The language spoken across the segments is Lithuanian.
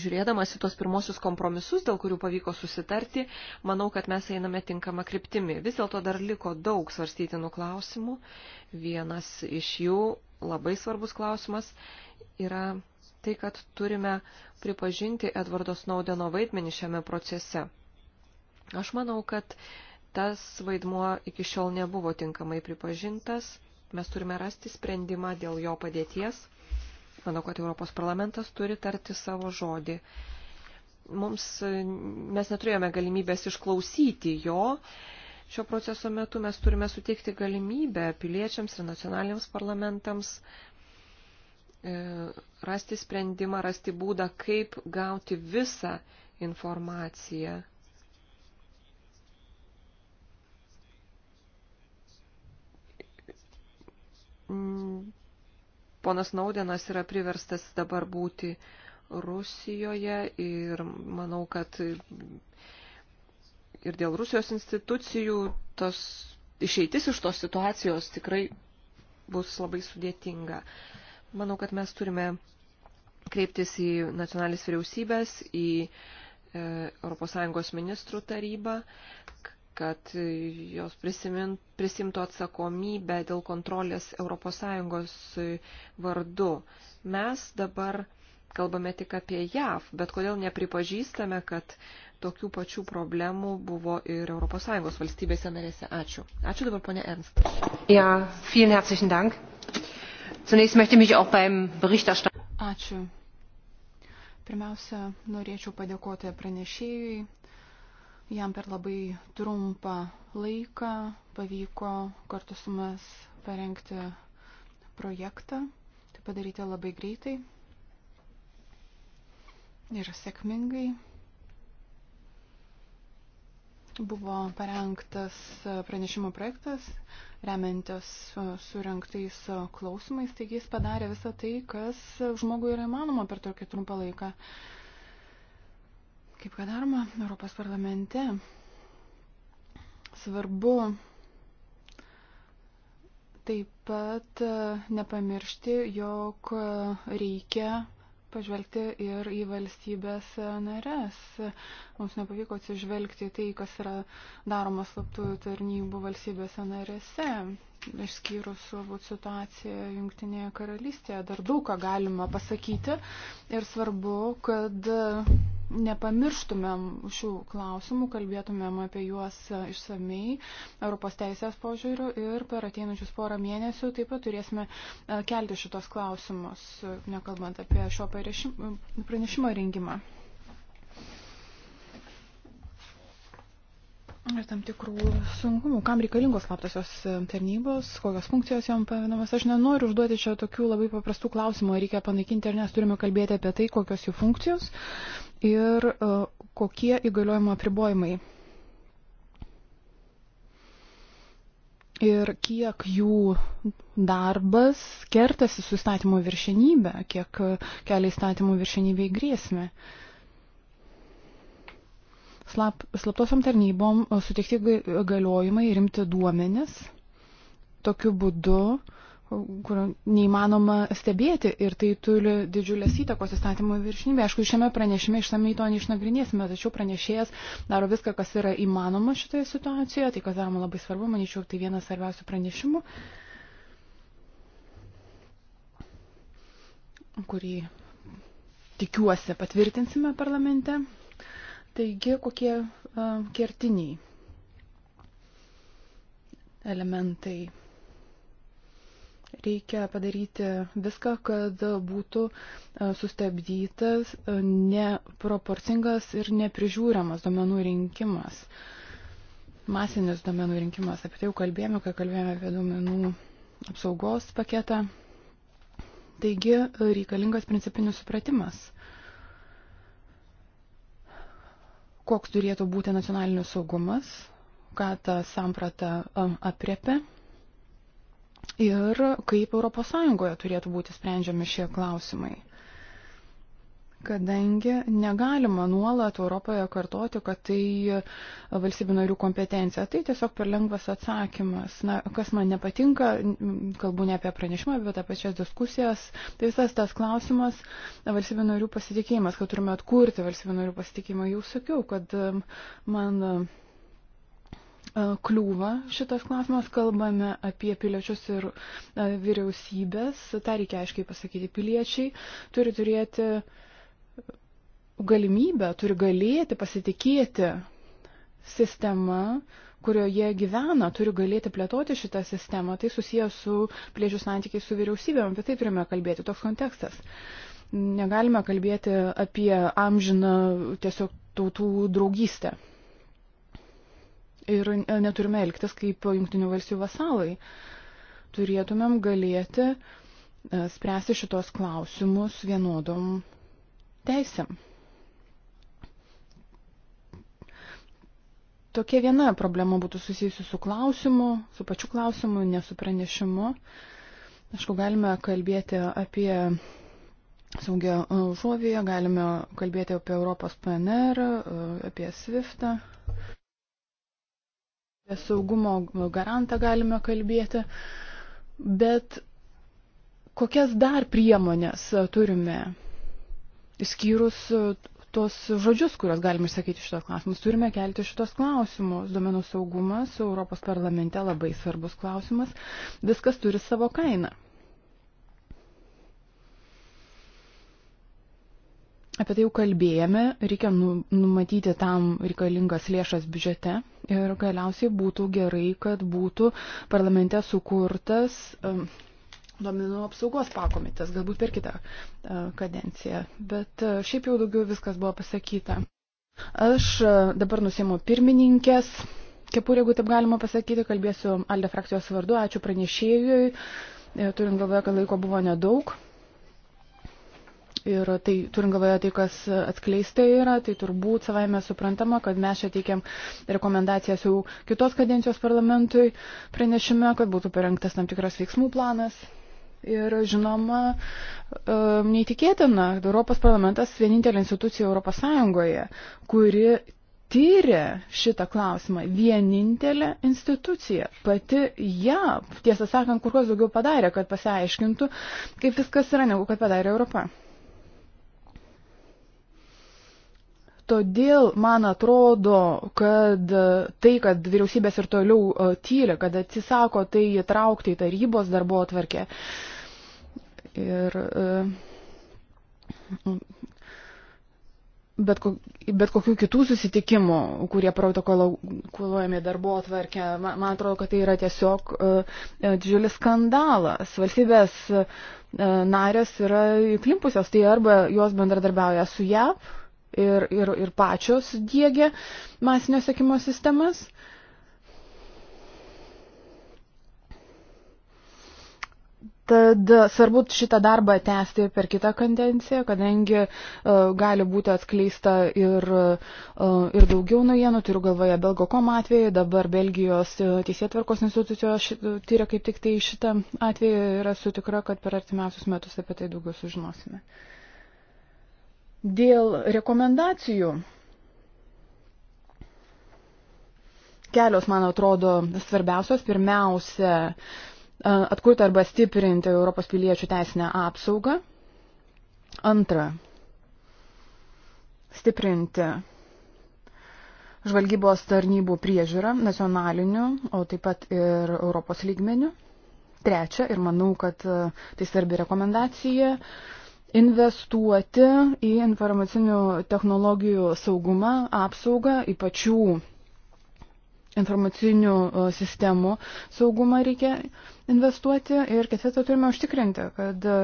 žiūrėdamas į tos pirmosius kompromisus, dėl kurių pavyko susitarti, manau, kad mes einame tinkamą kryptimį. Vis dėlto dar liko daug svarstytinų klausimų. Vienas iš jų, labai svarbus klausimas, yra tai, kad turime pripažinti Edvardo Snaudeno vaidmenį šiame procese. Aš manau, kad tas vaidmuo iki šiol nebuvo tinkamai pripažintas. Mes turime rasti sprendimą dėl jo padėties Manau, kad Europos parlamentas turi tarti savo žodį. Mums, mes neturėjome galimybės išklausyti jo. Šio proceso metu mes turime suteikti galimybę piliečiams ir nacionaliniams parlamentams e, rasti sprendimą, rasti būdą, kaip gauti visą informaciją. Mm Ponas Naudenas yra priverstas dabar būti Rusijoje ir manau, kad ir dėl Rusijos institucijų tos išeitis iš tos situacijos tikrai bus labai sudėtinga. Manau, kad mes turime kreiptis į nacionalis vyriausybės, į ES ministrų tarybą, kad jos prisimin, prisimtų atsakomybę dėl kontrolės ES vardu. Mes dabar kalbame tik apie JAV, bet kodėl nepripažįstame, kad tokių pačių problemų buvo ir ES valstybėse narėse. Ačiū. Ačiū dabar, ponė Ernst. Ja, vielen herzlichen Dank. Zunächst möchte mich auch beim Berichterstatter. Ačiū. Pirmiausia, norėčiau padėkoti pranešėjui Jam per labai trumpą laiką pavyko kartu su mes parengti projektą, tai padaryti labai greitai ir sėkmingai buvo parengtas pranešimo projektas, remiantis surinktais klausimais, taigi jis padarė visą tai, kas žmogui yra įmanoma per tokį trumpą laiką. Kaip kad daroma Europos parlamente, svarbu taip pat e, nepamiršti, jog reikia pažvelgti ir į valstybės nares. Mums nepavyko atsižvelgti tai, kas yra daroma slaptųjų tarnybų valstybėse narėse, išskyrus galbūt situaciją Junktinėje karalystėje. Dar daug ką galima pasakyti ir svarbu, kad nepamirštumėm šių klausimų, kalbėtumėm apie juos išsamei Europos teisės požiūrių ir per ateinančius porą mėnesių taip pat turėsime e, kelti šitos klausimus, nekalbant apie šio pranešimo rengimą. Ir tam tikrų sunkumų, kam reikalingos slaptosios e, tarnybos, kokios funkcijos jam pavinamas. Aš nenoriu užduoti čia tokių labai paprastų klausimų, reikia panaikinti ar nes turime kalbėti apie tai, kokios jų funkcijos, ir e, kokie įgaliojimo apribojimai ir kiek jų darbas kertasi su įstatymo viršenybė, kiek kelia įstatymo viršenybė į grėsmę. Slap, slaptosiam tarnybom e, suteikti galiojimai rimti duomenis. Tokiu būdu uh, kurio neįmanoma stebėti ir tai turi didžiulės įtakos įstatymų viršinybė. Aišku, šiame pranešime išsamei to neišnagrinėsime, tačiau pranešėjas daro viską, kas yra įmanoma šitoje situacijoje, tai kas daroma labai svarbu, manyčiau, tai vienas svarbiausių pranešimų, kurį tikiuosi patvirtinsime parlamente. Taigi, kokie uh, kertiniai elementai reikia padaryti viską, kad būtų e, sustabdytas e, neproporcingas ir neprižiūriamas duomenų rinkimas. Masinis duomenų rinkimas. Apie tai jau kalbėjome, kai kalbėjome apie duomenų apsaugos paketą. Taigi e, reikalingas principinis supratimas, koks turėtų būti nacionalinis saugumas, ką ta samprata apriepia ir kaip ES turėtų būti sprendžiami šie klausimai. Kadangi negalima nuolat Europoje kartoti, kad tai valstybių narių kompetencija, tai tiesiog per lengvas atsakymas. Na, kas man nepatinka, kalbu ne apie pranešimą, bet apie pačias diskusijas, tai visas tas klausimas valstybių narių pasitikėjimas, kad turime atkurti valstybių narių pasitikėjimą. Jau sakiau, kad um, man kliūva šitas klausimas, kalbame apie piliečius ir vyriausybės, tą reikia aiškiai pasakyti, piliečiai turi turėti galimybę, turi galėti pasitikėti sistema, kurioje gyvena, turi galėti plėtoti šitą sistemą, tai susijęs su piliečių santykiai su vyriausybėm, apie tai turime kalbėti, toks kontekstas. Negalime kalbėti apie amžiną tiesiog tautų draugystę ir neturime elgtis kaip Junktinių valstybių vasalai. Turėtumėm galėti e, spręsti šitos klausimus vienodom teisėm. Tokia viena problema būtų susijusi su klausimu, su pačiu klausimu, ne su pranešimu. Aišku, galime kalbėti apie saugią žuovėje, galime kalbėti apie Europos PNR, e, apie SWIFTą apie saugumo garantą galime kalbėti, bet kokias dar priemonės turime, išskyrus tuos žodžius, kuriuos galime išsakyti šitos klausimus. Turime kelti šitos klausimus. Duomenų saugumas Europos parlamente labai svarbus klausimas. Viskas turi savo kainą. Apie tai jau kalbėjome, reikia nu, numatyti tam reikalingas lėšas biudžete ir galiausiai būtų gerai, kad būtų parlamente sukurtas um, duomenų apsaugos pakomitas, galbūt per kitą uh, kadenciją. Bet uh, šiaip jau daugiau viskas buvo pasakyta. Aš uh, dabar nusimu pirmininkės kepurė, jeigu taip galima pasakyti, kalbėsiu Alde frakcijos vardu, ačiū pranešėjui, turint galvoje, kad laiko buvo nedaug. Ir tai, turint galvoje tai, kas atskleista yra, tai turbūt savaime suprantama, kad mes čia teikiam rekomendacijas jau kitos kadencijos parlamentui pranešime, kad būtų parengtas tam tikras veiksmų planas. Ir žinoma, e, neįtikėtina, kad Europos parlamentas vienintelė institucija Europos Sąjungoje, kuri tyrė šitą klausimą vienintelė institucija. Pati JAV, tiesą sakant, kur kas daugiau padarė, kad pasiaiškintų, kaip viskas yra, negu kad padarė Europa. Todėl man atrodo, kad tai, kad vyriausybės ir toliau e, tyli, kad atsisako tai įtraukti į tarybos darbo atvarkę. Ir, e, bet, kok, bet kokių kitų susitikimų, kurie protokoluojami darbo atvarkę, man, man atrodo, kad tai yra tiesiog uh, didžiulis skandalas. Valstybės uh, narės yra įklimpusios, tai arba jos bendradarbiauja su JAV ir, ir, ir pačios dėgia masinio sekimo sistemas. Tad svarbu šitą darbą tęsti per kitą kadenciją, kadangi uh, gali būti atskleista ir, uh, ir daugiau naujienų, turiu galvoje Belgokom atvejį, dabar Belgijos uh, teisėtvarkos institucijos tyria kaip tik tai šitą atvejį ir esu tikra, kad per artimiausius metus apie tai daugiau sužinosime. Uh, Dėl rekomendacijų kelios, man atrodo, svarbiausios. Pirmiausia, atkurti arba stiprinti Europos piliečių teisinę apsaugą. Antra, stiprinti žvalgybos tarnybų priežiūrą nacionaliniu, o taip pat ir Europos lygmeniu. Trečia, ir manau, kad tai svarbi rekomendacija, uh, investuoti į informacinių technologijų saugumą, apsaugą, į pačių informacinių e, sistemų saugumą reikia investuoti ir ketvirta turime užtikrinti, kad e,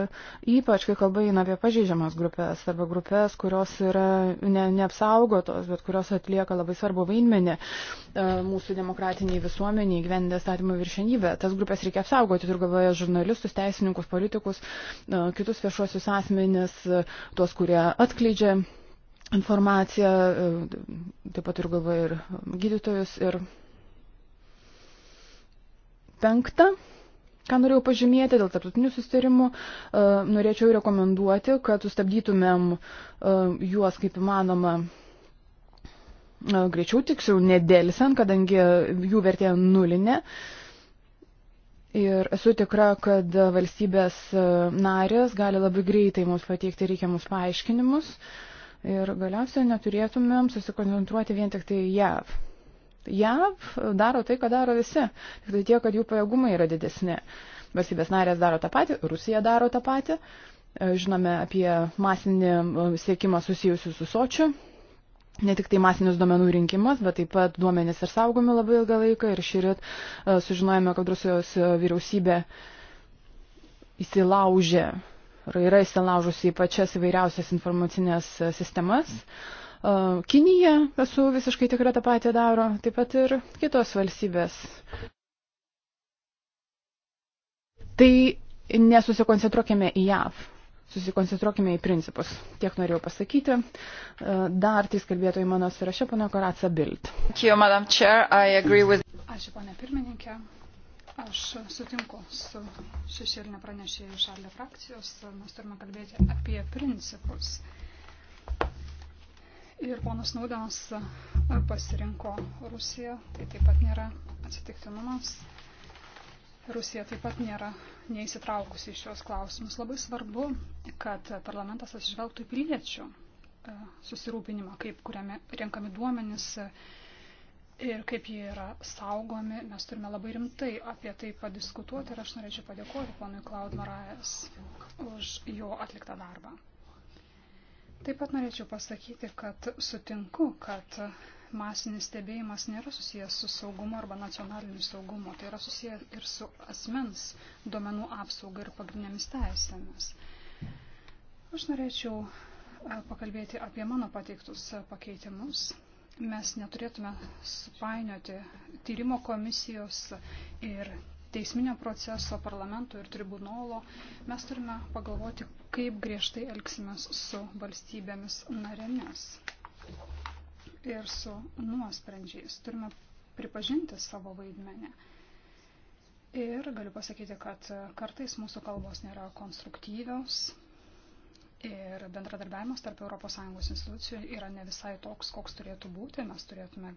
ypač, kai kalba eina apie pažeidžiamas grupės arba grupės, kurios yra ne, neapsaugotos, bet kurios atlieka labai svarbu vaidmenį e, mūsų demokratiniai visuomeniai gyvendė statymų viršenybę. Tas grupės reikia apsaugoti, turiu galvoje žurnalistus, teisininkus, politikus, e, kitus viešuosius asmenis, tuos, kurie atkleidžia informaciją, taip pat turiu galvoje ir gydytojus. Ir Penkta Ką norėjau pažymėti dėl tarptautinių sustarimų, e, norėčiau rekomenduoti, kad sustabdytumėm e, juos kaip įmanoma e, greičiau, tiksliau, nedėlsiant, kadangi jų vertė nulinė. Ir esu tikra, kad valstybės narės gali labai greitai mums pateikti reikiamus paaiškinimus ir galiausiai neturėtumėm susikoncentruoti vien tik tai JAV. JAV daro tai, ką daro visi, tik tai tiek, kad jų pajėgumai yra didesni. Valstybės narės daro tą patį, Rusija daro tą patį. E, žinome apie masinį e, siekimą susijusių su sočiu, ne tik tai masinis duomenų rinkimas, bet taip pat duomenys ir saugomi labai ilgą laiką. Ir šįryt e, sužinojame, kad Rusijos vyriausybė įsilaužė, yra įsilaužusi į pačias įvairiausias informacinės sistemas. Mm Kinija, esu visiškai tikra, tą patį daro, taip pat ir kitos valstybės. Tai nesusikoncentruokime į JAV, susikoncentruokime į principus. Tiek norėjau pasakyti. Dar trys kalbėtojai mano sąraše, pana Koratsa Bild. Ačiū, pana pirmininkė. Aš sutinku su šešėlinė pranešėjų šalia frakcijos. Mes turime kalbėti apie principus. Ir ponas Naudenas e, pasirinko Rusiją, tai taip pat nėra atsitiktinumas. Rusija taip pat nėra neįsitraukusi į šios klausimus. Labai svarbu, kad parlamentas atsižvelgtų į piliečių e, susirūpinimą, kaip kuriame renkami duomenys e, ir kaip jie yra saugomi. Mes turime labai rimtai apie tai padiskutuoti ir aš norėčiau padėkoti ponui Klaud Marajas už jo atliktą darbą. Taip pat norėčiau pasakyti, kad sutinku, kad masinis stebėjimas nėra susijęs su saugumu arba nacionaliniu saugumu, tai yra susijęs ir su asmens duomenų apsauga ir pagrindinėmis teisėmis. Aš norėčiau e, pakalbėti apie mano pateiktus e, pakeitimus. Mes neturėtume supainioti tyrimo komisijos ir teisminio proceso, parlamento ir tribunolo. Mes turime pagalvoti, kaip griežtai elgsimės su valstybėmis narėmis ir su nuosprendžiais. Turime pripažinti savo vaidmenį. Ir galiu pasakyti, kad kartais mūsų kalbos nėra konstruktyvios ir bendradarbiavimas tarp ES institucijų yra ne visai toks, koks turėtų būti. Mes turėtume,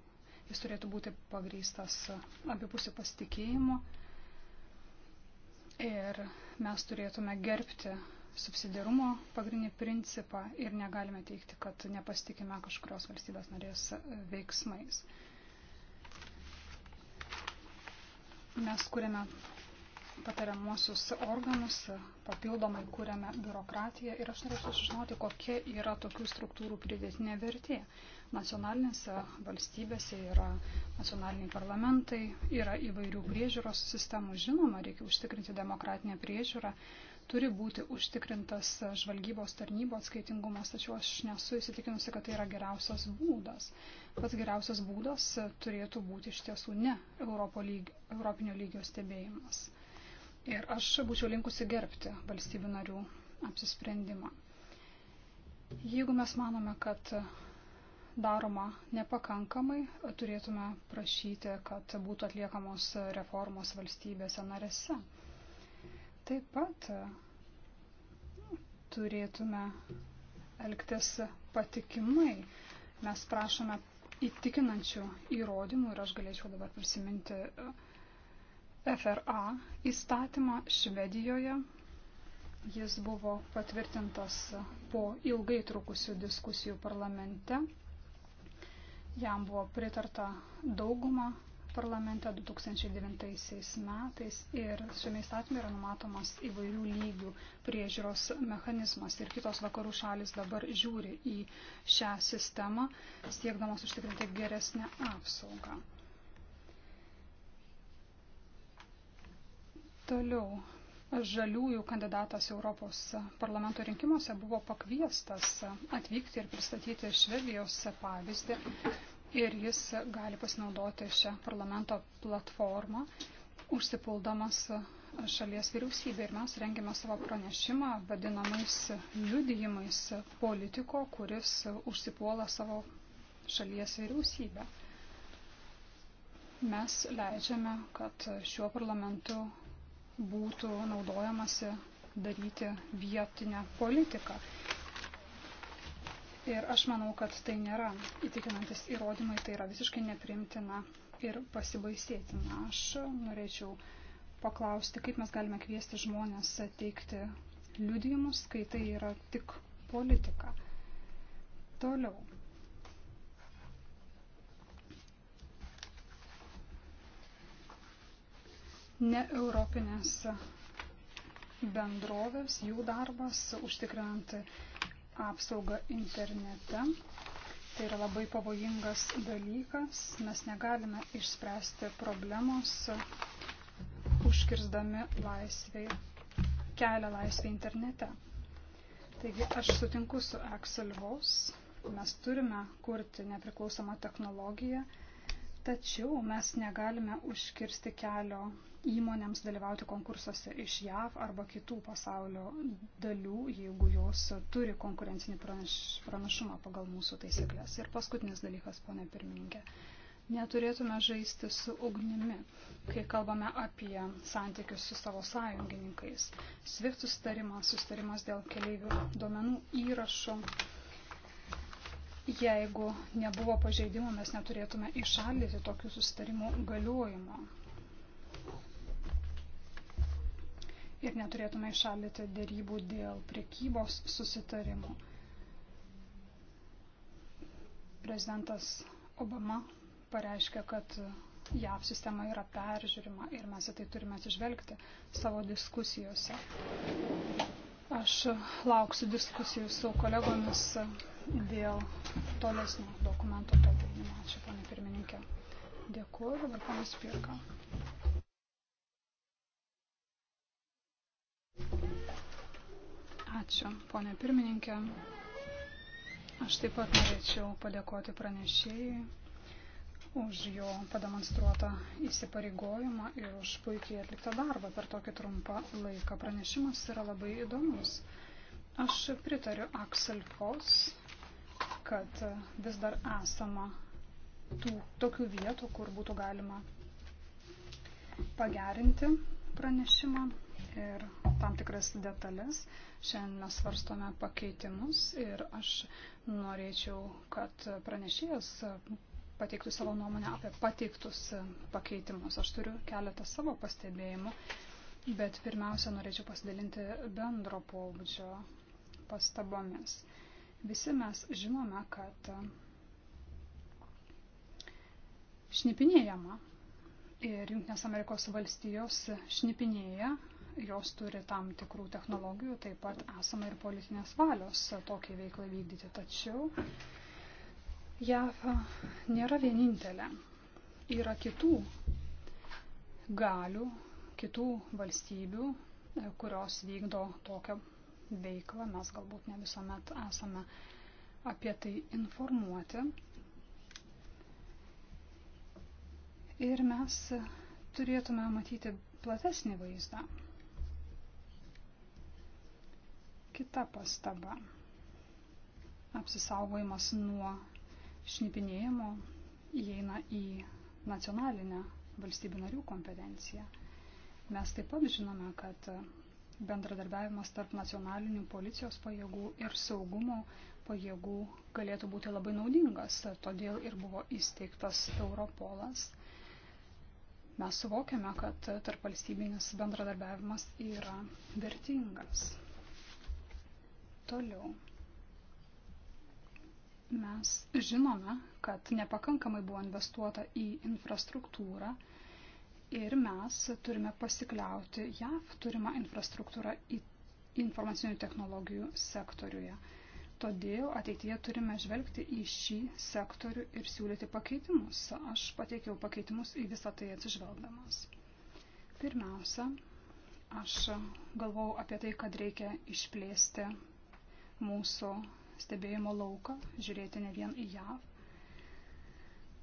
jis turėtų būti pagrystas abipusių pasitikėjimo ir mes turėtume gerbti subsidiarumo pagrindinį principą ir negalime teikti, kad nepasitikime kažkurios valstybės narės e, veiksmais. Mes kūrėme patariamuosius organus, e, papildomai kūrėme biurokratiją ir aš norėčiau sužinoti, kokia yra tokių struktūrų pridėtinė vertė. Nacionalinėse valstybėse yra nacionaliniai parlamentai, yra įvairių priežiūros sistemų, žinoma, reikia užtikrinti demokratinę priežiūrą, turi būti užtikrintas žvalgybos tarnybo atskaitingumas, tačiau aš nesu įsitikinusi, kad tai yra geriausias būdas. Pats geriausias būdas turėtų būti iš tiesų ne Europo lyg, Europinio lygio stebėjimas. Ir aš būčiau linkusi gerbti valstybių narių apsisprendimą. Jeigu mes manome, kad daroma nepakankamai, turėtume prašyti, kad būtų atliekamos reformos valstybėse narėse. Taip pat e, turėtume elgtis patikimai. Mes prašome įtikinančių įrodymų ir aš galėčiau dabar prisiminti e, FRA įstatymą Švedijoje. Jis buvo patvirtintas po ilgai trukusių diskusijų parlamente. Jam buvo pritarta dauguma parlamente 2009 metais ir šiame įstatyme yra numatomas įvairių lygių priežiūros mechanizmas ir kitos vakarų šalis dabar žiūri į šią sistemą, siekdamos užtikrinti geresnę apsaugą. Toliau. Žaliųjų kandidatas Europos parlamento rinkimuose buvo pakviestas atvykti ir pristatyti Švedijos pavyzdį ir jis gali pasinaudoti šią parlamento platformą, užsipuldamas šalies vyriausybė ir mes rengiame savo pranešimą vadinamais liudijimais politiko, kuris užsipuola savo šalies vyriausybę. Mes leidžiame, kad šiuo parlamentu būtų naudojamasi daryti vietinę politiką. Ir aš manau, kad tai nėra įtikinantis įrodymai, tai yra visiškai neprimtina ir pasibaisėtina. Aš norėčiau paklausti, kaip mes galime kviesti žmonės teikti liudijimus, kai tai yra tik politika. Toliau. Ne europinės bendrovės, jų darbas užtikrinant apsaugą internete. Tai yra labai pavojingas dalykas. Mes negalime išspręsti problemos, užkirsdami laisvėj, kelią laisvę internete. Taigi aš sutinku su Axel Vos. Mes turime kurti nepriklausomą technologiją Tačiau mes negalime užkirsti kelio įmonėms dalyvauti konkursuose iš JAV arba kitų pasaulio dalių, jeigu jos turi konkurencinį pranašumą pagal mūsų taisyklės. Ir paskutinis dalykas, ponė pirmininkė. Neturėtume žaisti su ugnimi, kai kalbame apie santykius su savo sąjungininkais. SWIFT sustarimas, sustarimas dėl keleivių duomenų įrašo Jeigu nebuvo pažeidimų, mes neturėtume išaldyti tokių susitarimų galiojimo. Ir neturėtume išaldyti dėrybų dėl priekybos susitarimų. Prezidentas Obama pareiškia, kad JAV sistema yra peržiūrima ir mes į tai turime atsižvelgti savo diskusijose. Aš lauksiu diskusijų su kolegomis dėl tolesnio dokumento tobulinimo. Ačiū, ponė pirmininkė. Dėkuoju, dabar ponas Pirka. Ačiū, ponė pirmininkė. Aš taip pat norėčiau padėkoti pranešėjai už jo pademonstruotą įsipareigojimą ir už puikiai atliktą darbą per tokį trumpą laiką. Pranešimas yra labai įdomus. Aš pritariu Axel Foss kad vis dar esama tų tokių vietų, kur būtų galima pagerinti pranešimą ir tam tikras detalės. Šiandien mes svarstome pakeitimus ir aš norėčiau, kad pranešėjas pateiktų savo nuomonę apie pateiktus pakeitimus. Aš turiu keletą savo pastebėjimų, bet pirmiausia norėčiau pasidalinti bendro pobūdžio pastabomis. Visi mes žinome, kad šnipinėjama ir Junktinės Amerikos valstijos šnipinėja, jos turi tam tikrų technologijų, taip pat esama ir politinės valios tokiai veiklai vykdyti. Tačiau JAV nėra vienintelė. Yra kitų galių, kitų valstybių, kurios vykdo tokią veiklą, mes galbūt ne visuomet esame apie tai informuoti. Ir mes turėtume matyti platesnį vaizdą. Kita pastaba. Apsisaugojimas nuo šnipinėjimo įeina į nacionalinę valstybių narių kompetenciją. Mes taip pat žinome, kad bendradarbiavimas tarp nacionalinių policijos pajėgų ir saugumo pajėgų galėtų būti labai naudingas. Todėl ir buvo įsteigtas Europolas. Mes suvokiame, kad tarp valstybinis bendradarbiavimas yra vertingas. Toliau. Mes žinome, kad nepakankamai buvo investuota į infrastruktūrą ir mes turime pasikliauti JAV turimą infrastruktūrą informacinių technologijų sektoriuje. Todėl ateityje turime žvelgti į šį sektorių ir siūlyti pakeitimus. Aš pateikiau pakeitimus į visą tai atsižvelgdamas. Pirmiausia, aš galvau apie tai, kad reikia išplėsti mūsų stebėjimo lauką, žiūrėti ne vien į JAV.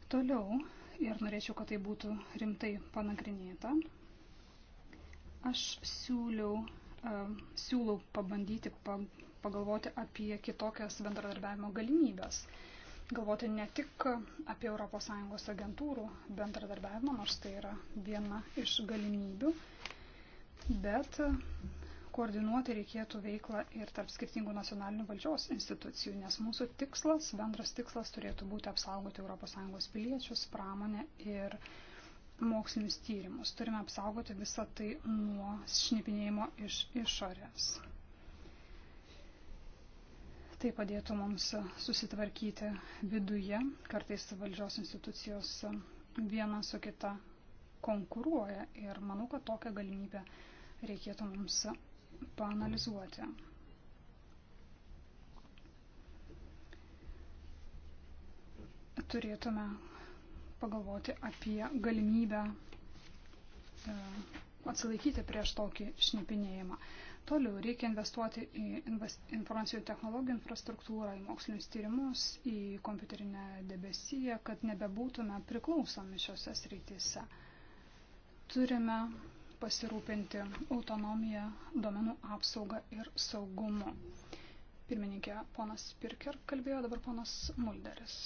Toliau ir norėčiau, kad tai būtų rimtai panagrinėta. Aš siūliau, e, siūlau pabandyti pagalvoti apie kitokias bendradarbiavimo galimybės. Galvoti ne tik apie ES agentūrų bendradarbiavimą, nors tai yra viena iš galimybių, bet koordinuoti reikėtų veiklą ir tarp skirtingų nacionalinių valdžios institucijų, nes mūsų tikslas, bendras tikslas turėtų būti apsaugoti ES piliečius, pramonę ir mokslinius tyrimus. Turime apsaugoti visą tai nuo šnipinėjimo iš išorės. Tai padėtų mums susitvarkyti viduje, kartais valdžios institucijos viena su kita konkuruoja ir manau, kad tokią galimybę reikėtų mums panalizuoti. Turėtume pagalvoti apie galimybę e, atsilaikyti prieš tokį šnipinėjimą. Toliau reikia investuoti į informacijų technologijų infrastruktūrą, į mokslinius tyrimus, į kompiuterinę debesiją, kad nebebūtume priklausomi šiuose srityse. Turime pasirūpinti autonomiją, domenų apsaugą ir saugumu. Pirmininkė ponas Pirker kalbėjo, dabar ponas Mulderis.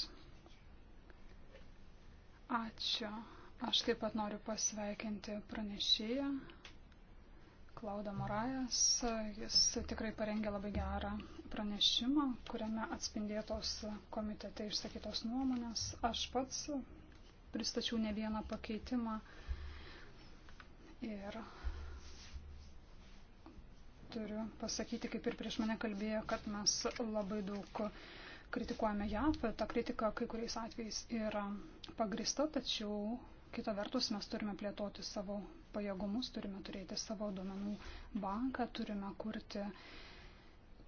Ačiū. Aš taip pat noriu pasveikinti pranešėją Klaudą Morajas. Jis tikrai parengė labai gerą pranešimą, kuriame atspindėtos komitete išsakytos nuomonės. Aš pats pristačiau ne vieną pakeitimą Ir turiu pasakyti, kaip ir prieš mane kalbėjo, kad mes labai daug kritikuojame JAV. Ta kritika kai kuriais atvejais yra pagrista, tačiau kita vertus mes turime plėtoti savo pajėgumus, turime turėti savo duomenų banką, turime kurti,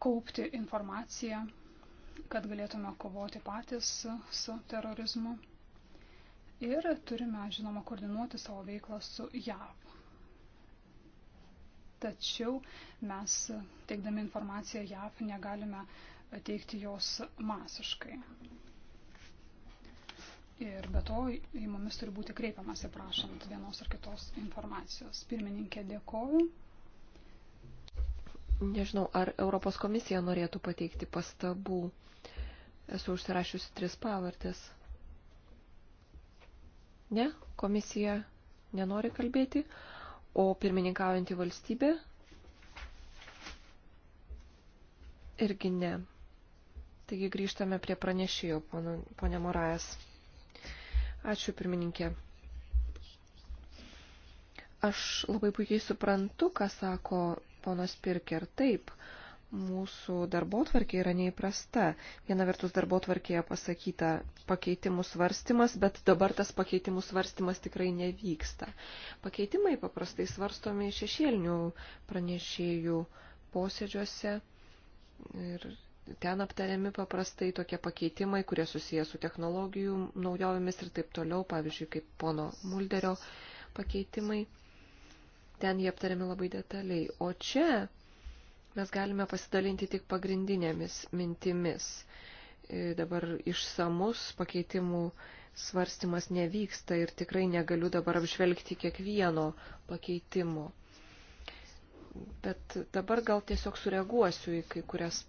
kaupti informaciją, kad galėtume kovoti patys su terorizmu. Ir turime, žinoma, koordinuoti savo veiklą su JAV tačiau mes teikdami informaciją JAF negalime teikti jos masiškai. Ir be to į mumis turi būti kreipiamasi prašant vienos ar kitos informacijos. Pirmininkė dėkoju. Nežinau, ar Europos komisija norėtų pateikti pastabų. Esu užsirašiusi tris pavardės. Ne, komisija nenori kalbėti o pirmininkaujantį valstybę irgi ne. Taigi grįžtame prie pranešėjo, ponė Morajas. Ačiū pirmininkė. Aš labai puikiai suprantu, ką sako ponas Pirker. Taip, uh, mūsų darbo tvarkė yra neįprasta. Viena vertus darbo tvarkėje pasakyta pakeitimų svarstymas, bet dabar tas pakeitimų svarstymas tikrai nevyksta. Pakeitimai paprastai svarstomi šešėlinių pranešėjų posėdžiuose ir ten aptariami paprastai tokie pakeitimai, kurie susijęs su technologijų naujovėmis ir taip toliau, pavyzdžiui, kaip pono Mulderio pakeitimai. Ten jie aptariami labai detaliai. O čia mes galime pasidalinti tik pagrindinėmis mintimis. E, dabar išsamus pakeitimų svarstymas nevyksta ir tikrai negaliu dabar apžvelgti kiekvieno pakeitimo. Bet dabar gal tiesiog sureaguosiu į kai kurias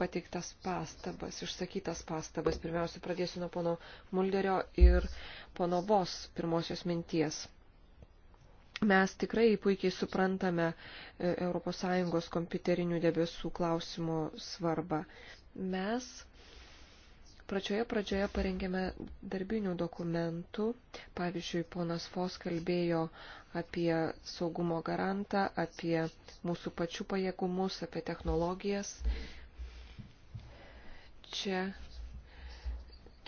pateiktas pastabas, išsakytas pastabas. Pirmiausia, pradėsiu nuo pono Mulderio ir pono Vos pirmosios minties mes tikrai puikiai suprantame ES kompiuterinių debesų klausimo svarbą. Mes Pračioje pradžioje parengėme darbinių dokumentų. Pavyzdžiui, ponas Fos kalbėjo apie saugumo garantą, apie mūsų pačių pajėgumus, apie technologijas. Čia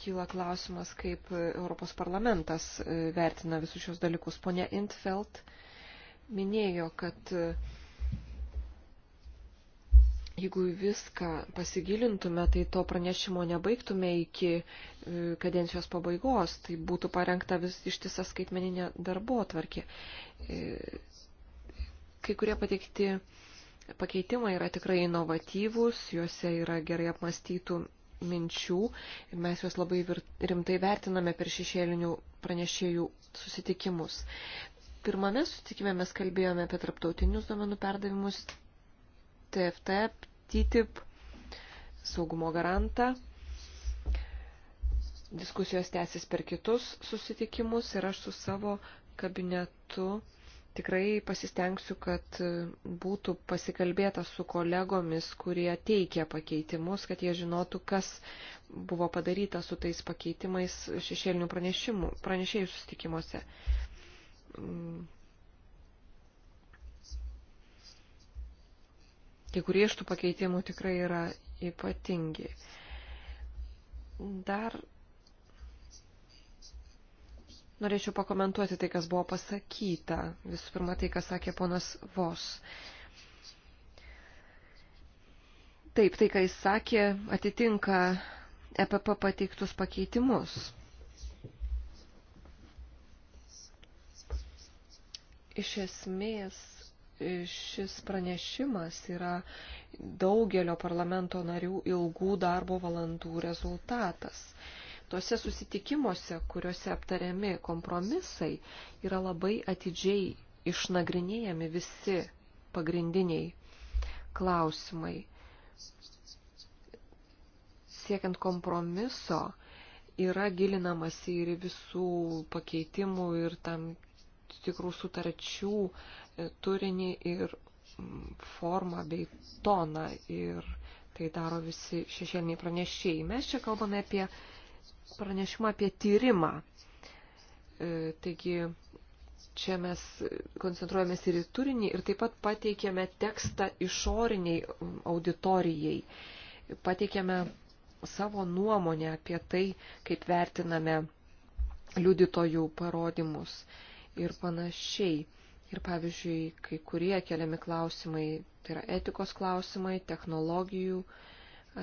kyla klausimas, kaip Europos parlamentas e, vertina visus šios dalykus. Pone Intfeld minėjo, kad e, jeigu viską pasigilintume, tai to pranešimo nebaigtume iki e, kadencijos pabaigos, tai būtų parengta vis ištisa skaitmeninė darbo atvarkė. Kai kurie pateikti pakeitimai yra tikrai inovatyvūs, juose yra gerai apmastytų minčių ir mes juos labai rimtai vertiname per šešėlinių pranešėjų susitikimus. Pirmame susitikime mes kalbėjome apie tarptautinius duomenų perdavimus, TFT, TTIP, saugumo garantą. Diskusijos tęsis per kitus susitikimus ir aš su savo kabinetu tikrai pasistengsiu, kad būtų pasikalbėta su kolegomis, kurie teikia pakeitimus, kad jie žinotų, kas buvo padaryta su tais pakeitimais šešėlinių pranešėjų sustikimuose. Mm. Kai kurie iš tų pakeitimų tikrai yra ypatingi. Dar Norėčiau pakomentuoti tai, kas buvo pasakyta. Visų pirma, tai, kas sakė ponas Vos. Taip, tai, ką jis sakė, atitinka EPP pateiktus pakeitimus. Iš esmės, šis pranešimas yra daugelio parlamento narių ilgų darbo valandų rezultatas tuose susitikimuose, kuriuose aptariami kompromisai, yra labai atidžiai išnagrinėjami visi pagrindiniai klausimai. Siekiant kompromiso yra gilinamasi ir visų pakeitimų ir tam tikrų sutarčių e, turinį ir formą bei toną ir tai daro visi šešėliniai pranešėjai. Mes čia kalbame apie pranešimą apie tyrimą. E, taigi čia mes koncentruojamės ir į turinį ir taip pat pateikėme tekstą išoriniai auditorijai. Pateikėme savo nuomonę apie tai, kaip vertiname liudytojų parodymus ir panašiai. Ir pavyzdžiui, kai kurie keliami klausimai, tai yra etikos klausimai, technologijų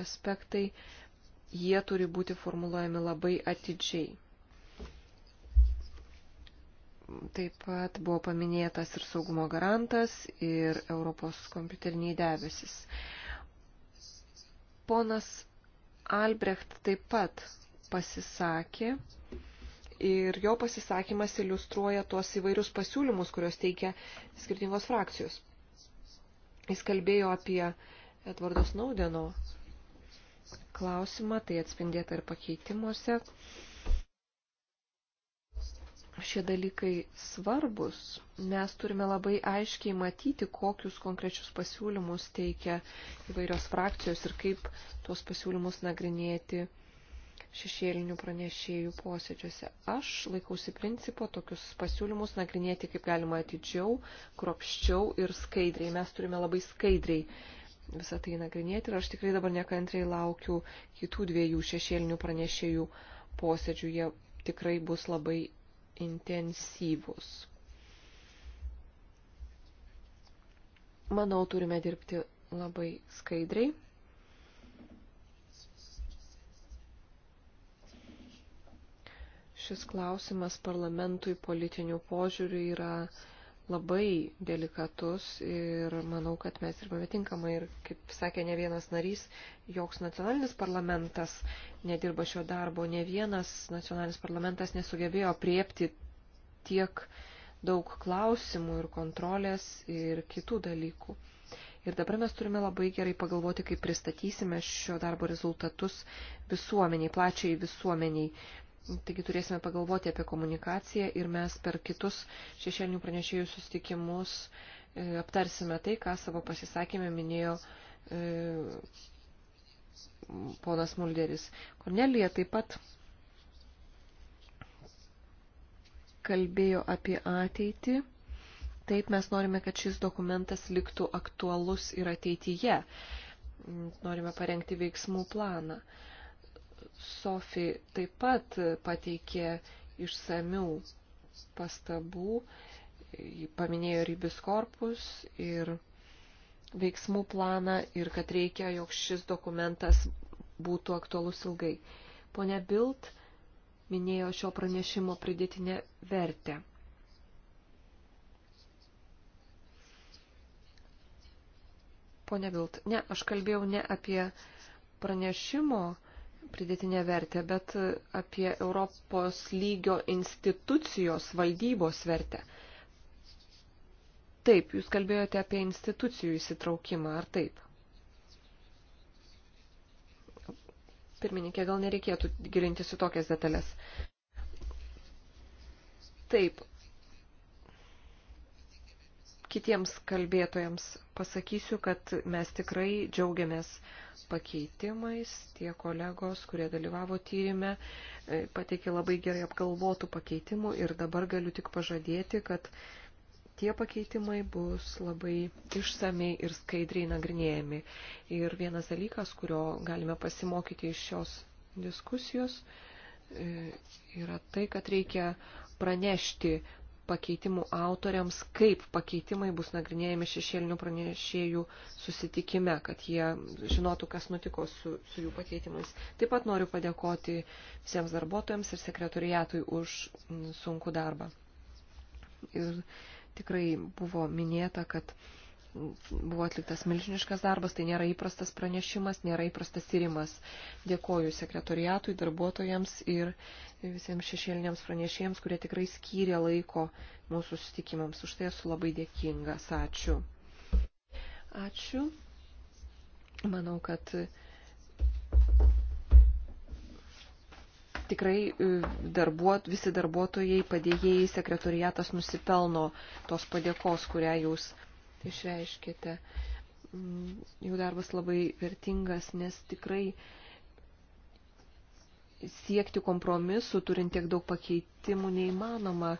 aspektai, jie turi būti formuluojami labai atidžiai. Taip pat buvo paminėtas ir saugumo garantas, ir Europos kompiuteriniai debesis. Ponas Albrecht taip pat pasisakė ir jo pasisakymas iliustruoja tuos įvairius pasiūlymus, kuriuos teikia skirtingos frakcijos. Jis kalbėjo apie Edvardo Snaudeno klausimą, tai atspindėta ir pakeitimuose. Šie dalykai svarbus. Mes turime labai aiškiai matyti, kokius konkrečius pasiūlymus teikia įvairios frakcijos ir kaip tuos pasiūlymus nagrinėti šešėlinių pranešėjų posėdžiuose. Aš laikausi principo tokius pasiūlymus nagrinėti kaip galima atidžiau, kropščiau ir skaidriai. Mes turime labai skaidriai visą tai nagrinėti ir aš tikrai dabar nekantriai laukiu kitų dviejų šešėlinių pranešėjų posėdžių. Jie tikrai bus labai intensyvus. Manau, turime dirbti labai skaidriai. Šis klausimas parlamentui politinių požiūrių yra labai delikatus ir manau, kad mes dirbame tinkamai ir, kaip sakė ne vienas narys, joks nacionalinis parlamentas nedirba šio darbo, ne vienas nacionalinis parlamentas nesugebėjo priepti tiek daug klausimų ir kontrolės ir kitų dalykų. Ir dabar mes turime labai gerai pagalvoti, kaip pristatysime šio darbo rezultatus visuomeniai, plačiai visuomeniai, Taigi turėsime pagalvoti apie komunikaciją ir mes per kitus šešėlinių pranešėjų susitikimus e, aptarsime tai, ką savo pasisakymę minėjo e, ponas Mulderis. Kornelija taip pat kalbėjo apie ateitį. Taip mes norime, kad šis dokumentas liktų aktualus ir ateityje. Norime parengti veiksmų planą. Sofi taip pat pateikė išsamių pastabų, paminėjo ribis korpus ir veiksmų planą ir kad reikia, jog šis dokumentas būtų aktualus ilgai. Pone Bilt minėjo šio pranešimo pridėtinę vertę. Pone Bilt, ne, aš kalbėjau ne apie pranešimo pridėtinę vertę, bet apie Europos lygio institucijos valdybos vertę. Taip, jūs kalbėjote apie institucijų įsitraukimą, ar taip? Pirmininkė, gal nereikėtų gilintis į tokias detalės. Taip. Kitiems kalbėtojams pasakysiu, kad mes tikrai džiaugiamės pakeitimais. Tie kolegos, kurie dalyvavo tyrimė, e, pateikė labai gerai apgalvotų pakeitimų ir dabar galiu tik pažadėti, kad tie pakeitimai bus labai išsamei ir skaidriai nagrinėjami. Ir vienas dalykas, kurio galime pasimokyti iš šios diskusijos, e, yra tai, kad reikia pranešti pakeitimų autoriams, kaip pakeitimai bus nagrinėjami šešėlinių pranešėjų susitikime, kad jie žinotų, kas nutiko su, su jų pakeitimais. Taip pat noriu padėkoti visiems darbuotojams ir sekretoriatui už mm, sunkų darbą. Ir tikrai buvo minėta, kad buvo atliktas milžiniškas darbas, tai nėra įprastas pranešimas, nėra įprastas tyrimas. Dėkoju sekretoriatui, darbuotojams ir visiems šešėliniams pranešėjams, kurie tikrai skyrė laiko mūsų susitikimams. Už tai esu labai dėkingas. Ačiū. Ačiū. Manau, kad tikrai e, darbuot, visi darbuotojai, padėjėjai, sekretoriatas nusipelno tos padėkos, kurią jūs išreiškėte. Mm, jų darbas labai vertingas, nes tikrai siekti kompromisų, turint tiek daug pakeitimų, neįmanoma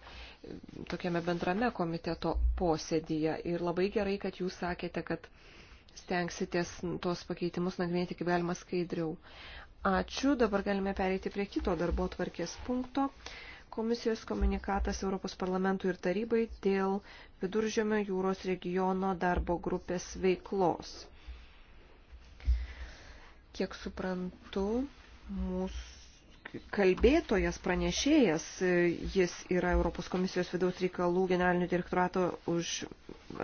tokiame bendrame komiteto posėdyje. Ir labai gerai, kad jūs sakėte, kad stengsitės tuos pakeitimus nagrinėti kaip galima skaidriau. Ačiū, dabar galime pereiti prie kito darbo tvarkės punkto. Komisijos komunikatas Europos parlamentui ir tarybai dėl Viduržėmio jūros regiono darbo grupės veiklos. Kiek suprantu, mūsų kalbėtojas, pranešėjas, jis yra Europos komisijos vidaus reikalų generalinio direktorato už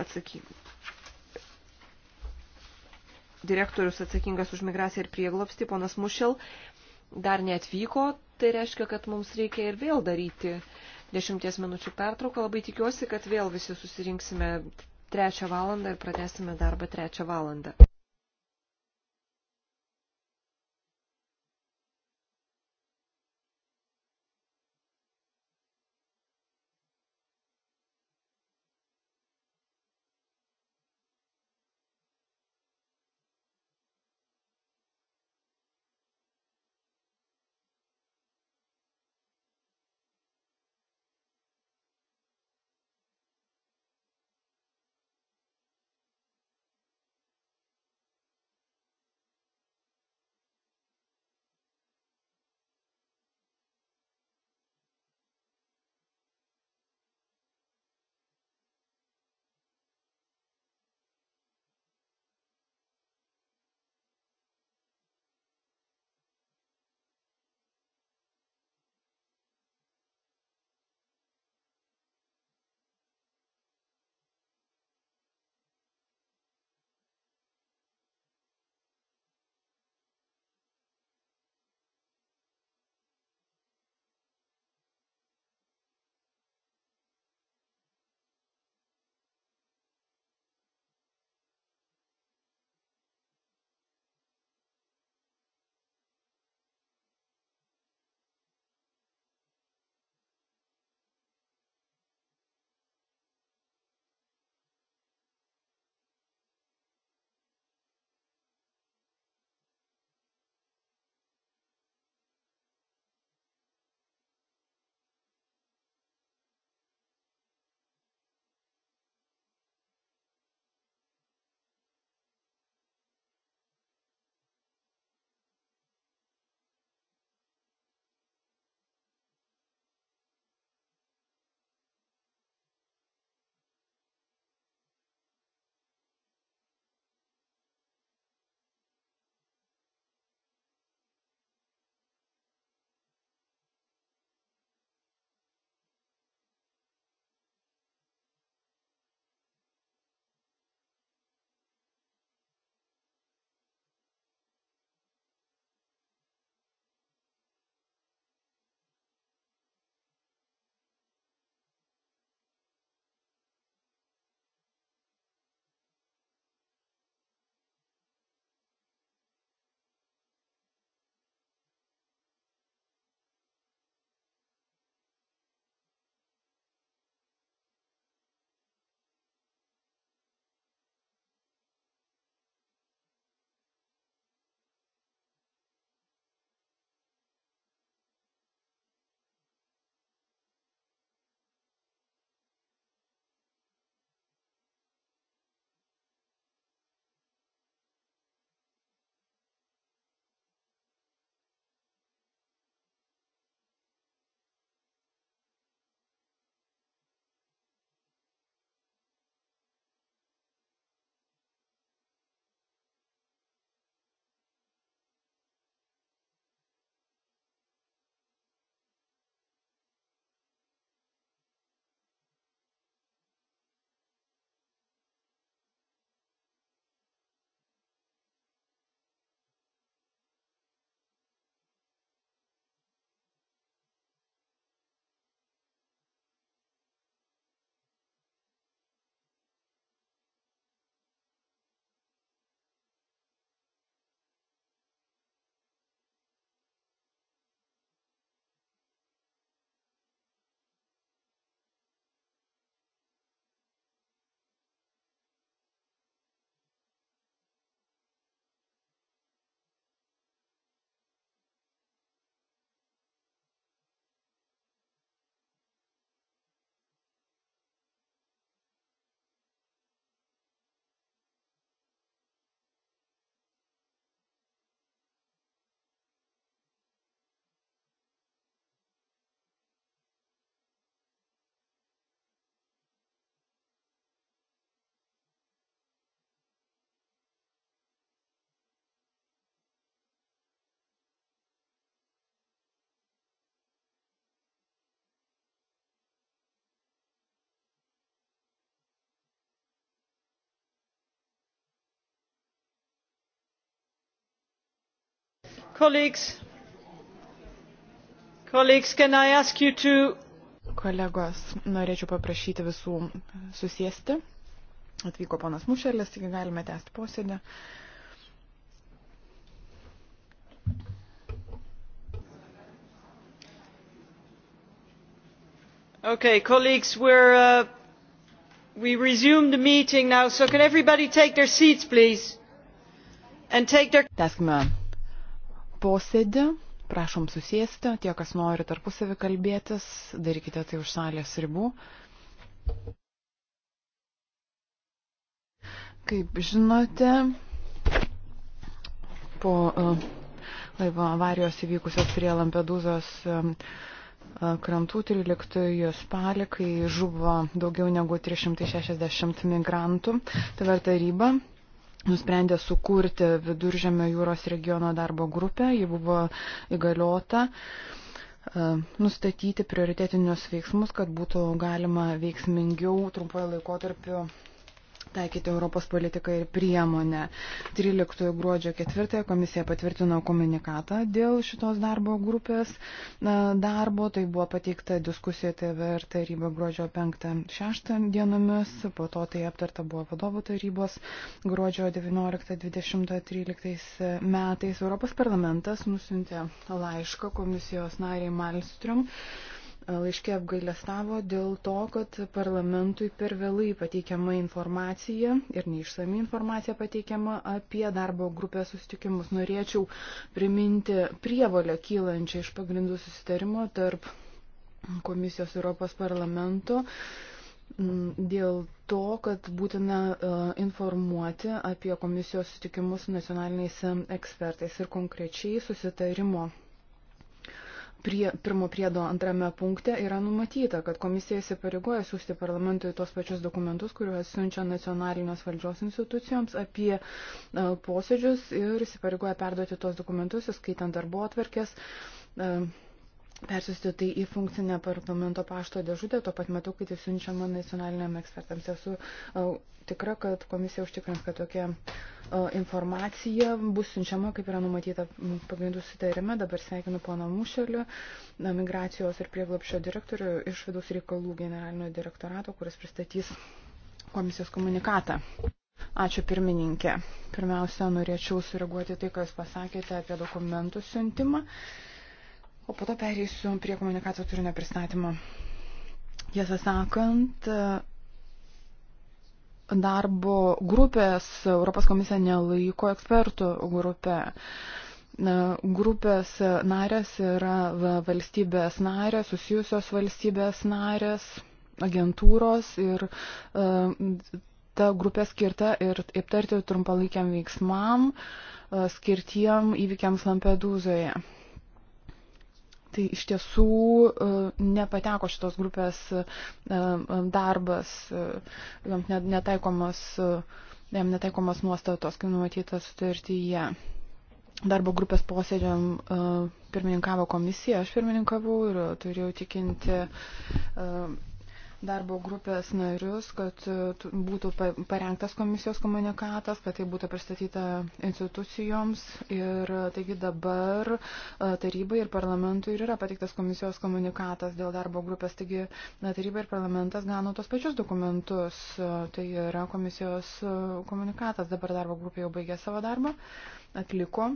atsakymą. Direktorius atsakingas už migraciją ir prieglopstį, ponas Mušel, dar neatvyko, Tai reiškia, kad mums reikia ir vėl daryti dešimties minučių pertrauką. Labai tikiuosi, kad vėl visi susirinksime trečią valandą ir pratesime darbą trečią valandą. Colleagues, colleagues, can I ask you to... Kolegos, norėčiau paprašyti visų susėsti. Atvyko ponas Mušelis, taigi galime tęsti posėdį. Okay, colleagues, we're, uh, we resume the meeting now, so can everybody take their seats, please? And take their... Tęskime posėdį. Prašom susėsti, tie, kas nori tarpusavį kalbėtis, darykite tai už salės ribų. Kaip žinote, po e, laivo avarijos įvykusios prie Lampedūzos e, e, krantų 13 spalį, kai žuvo daugiau negu 360 migrantų, tai var taryba nusprendė sukurti Viduržėmio jūros regiono darbo grupę, ji buvo įgaliota e, nustatyti prioritetinius veiksmus, kad būtų galima veiksmingiau trumpoje laikotarpiu taikyti Europos politiką ir priemonę. 13 gruodžio 4 komisija patvirtino komunikatą dėl šitos darbo grupės darbo. Tai buvo pateikta diskusija TVR taryba gruodžio 5-6 dienomis, po to tai aptarta buvo vadovų tarybos gruodžio 19-20-13 metais. Europos parlamentas nusintė laišką komisijos nariai Malmström laiškė apgailestavo dėl to, kad parlamentui per vėlai pateikiama informacija ir neišsami informacija pateikiama apie darbo grupės susitikimus. Norėčiau priminti prievalę kylančią iš pagrindų susitarimo tarp komisijos Europos parlamento dėl to, kad būtina e, informuoti apie komisijos sutikimus su nacionaliniais e, ekspertais ir konkrečiai susitarimo prie, pirmo priedo antrame punkte yra numatyta, kad komisija įsipareigoja siūsti parlamentui tos pačius dokumentus, kuriuos siunčia nacionalinės valdžios institucijoms apie e, posėdžius ir įsipareigoja perduoti tos dokumentus, įskaitant darbo atverkės. E, Persiusti tai į funkcinę parlamento pašto dėžutę, tuo pat metu, kai tai siunčiama nacionaliniam ekspertams. Esu e, tikra, kad komisija užtikrins, kad tokie informacija bus siunčiama, kaip yra numatyta pagrindų sutarime. Dabar sveikinu pono Mušeliu, migracijos ir prieglapšio direktorių iš vidaus reikalų generalinio direktorato, kuris pristatys komisijos komunikatą. Ačiū pirmininkė. Pirmiausia, norėčiau sureaguoti tai, ką Jūs pasakėte apie dokumentų siuntimą, o po to pereisiu prie komunikacijos turinio pristatymo. Tiesą sakant, darbo grupės Europos komisija nelaiko ekspertų grupę. Grupės narės yra valstybės narės, susijusios valstybės narės, agentūros ir e, ta grupė skirta ir aptarti trumpalaikiam veiksmam e, skirtiem įvykiams Lampedūzoje. Tai iš tiesų e, nepateko šitos grupės e, e, darbas, jam netaikomas, jam netaikomas nuostatos, kaip numatyta sutartyje. Darbo grupės posėdžiam pirmininkavo komisija, aš pirmininkavau ir turėjau tikinti darbo grupės narius, kad e, būtų parengtas komisijos komunikatas, kad tai būtų pristatyta institucijoms. Ir e, taigi dabar e, tarybai ir parlamentui ir yra patiktas komisijos komunikatas dėl darbo grupės. Taigi na, taryba ir parlamentas gano tos pačius dokumentus. Tai yra komisijos komunikatas. Dabar darbo grupė jau baigė savo darbą, atliko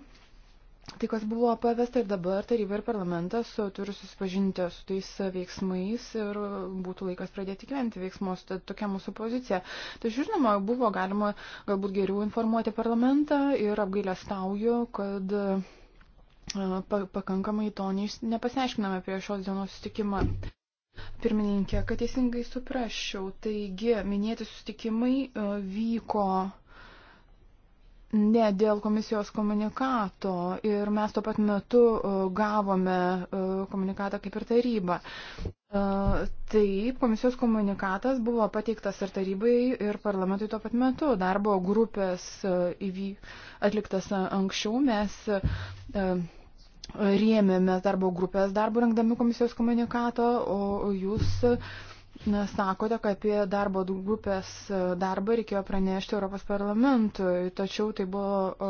Tai, kas buvo pavesta ir dabar taryba ir parlamentas turi susipažinti su tais veiksmais ir būtų laikas pradėti gyventi veiksmus. Tad tokia mūsų pozicija. Tačiau, žinoma, buvo galima galbūt geriau informuoti parlamentą ir apgailę stauju, kad pakankamai to nepasiaiškiname apie šios dienos sutikimą. Pirmininkė, kad teisingai suprasčiau, taigi minėti sustikimai vyko Ne, dėl komisijos komunikato ir mes tuo pat metu e, gavome e, komunikatą kaip ir taryba. E, taip, komisijos komunikatas buvo pateiktas ir tarybai, ir parlamentui tuo pat metu. Darbo grupės įvy, atliktas anksčiau mes rėmėmės darbo grupės darbų rengdami komisijos komunikato, o jūs Sakote, kad apie darbo grupės e, darbą reikėjo pranešti Europos parlamentui, tačiau tai buvo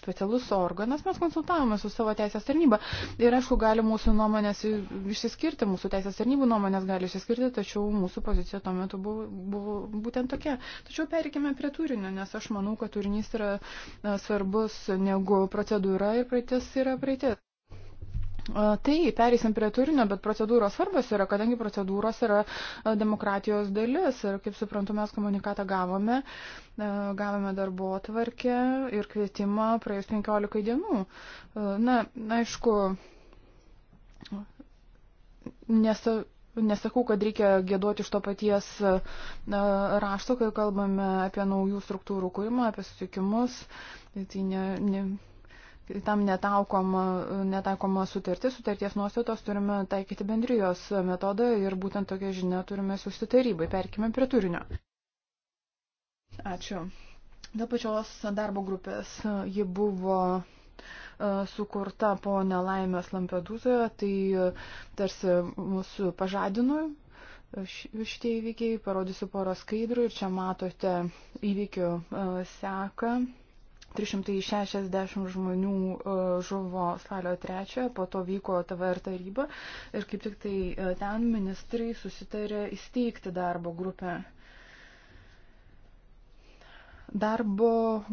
specialus organas, mes konsultavome su savo teisės tarnyba. Ir aišku, gali mūsų nuomonės išsiskirti, mūsų teisės tarnybų nuomonės gali išsiskirti, tačiau mūsų pozicija tuo metu buvo, buvo būtent tokia. Tačiau perikime prie turinio, nes aš manau, kad turinys yra e, svarbus negu procedūra ir praeitis yra praeitis. Taip, pereisim prie turinio, bet procedūros svarbios yra, kadangi procedūros yra demokratijos dalis ir, kaip suprantu, mes komunikatą gavome, gavome darbo atvarkę ir kvietimą praėjus 15 dienų. Na, aišku, nesu. Nesakau, kad reikia gėduoti iš to paties rašto, kai kalbame apie naujų struktūrų kūrimą, apie sutikimus. Tai ne, ne, tam netaikoma, netaikoma sutartis, sutarties nuostatos turime taikyti bendrijos metodą ir būtent tokią žinią turime siūsti tarybai. Perkime prie turinio. Ačiū. Dėl pačios darbo grupės ji buvo e, sukurta po nelaimės Lampedūzoje, tai e, tarsi mūsų pažadino e, šitie įvykiai, parodysiu porą skaidrų ir čia matote įvykių seką. 360 žmonių e, žuvo spalio 3, po to vyko TVR taryba ir kaip tik tai e, ten ministrai susitarė įsteigti darbo grupę. Darbo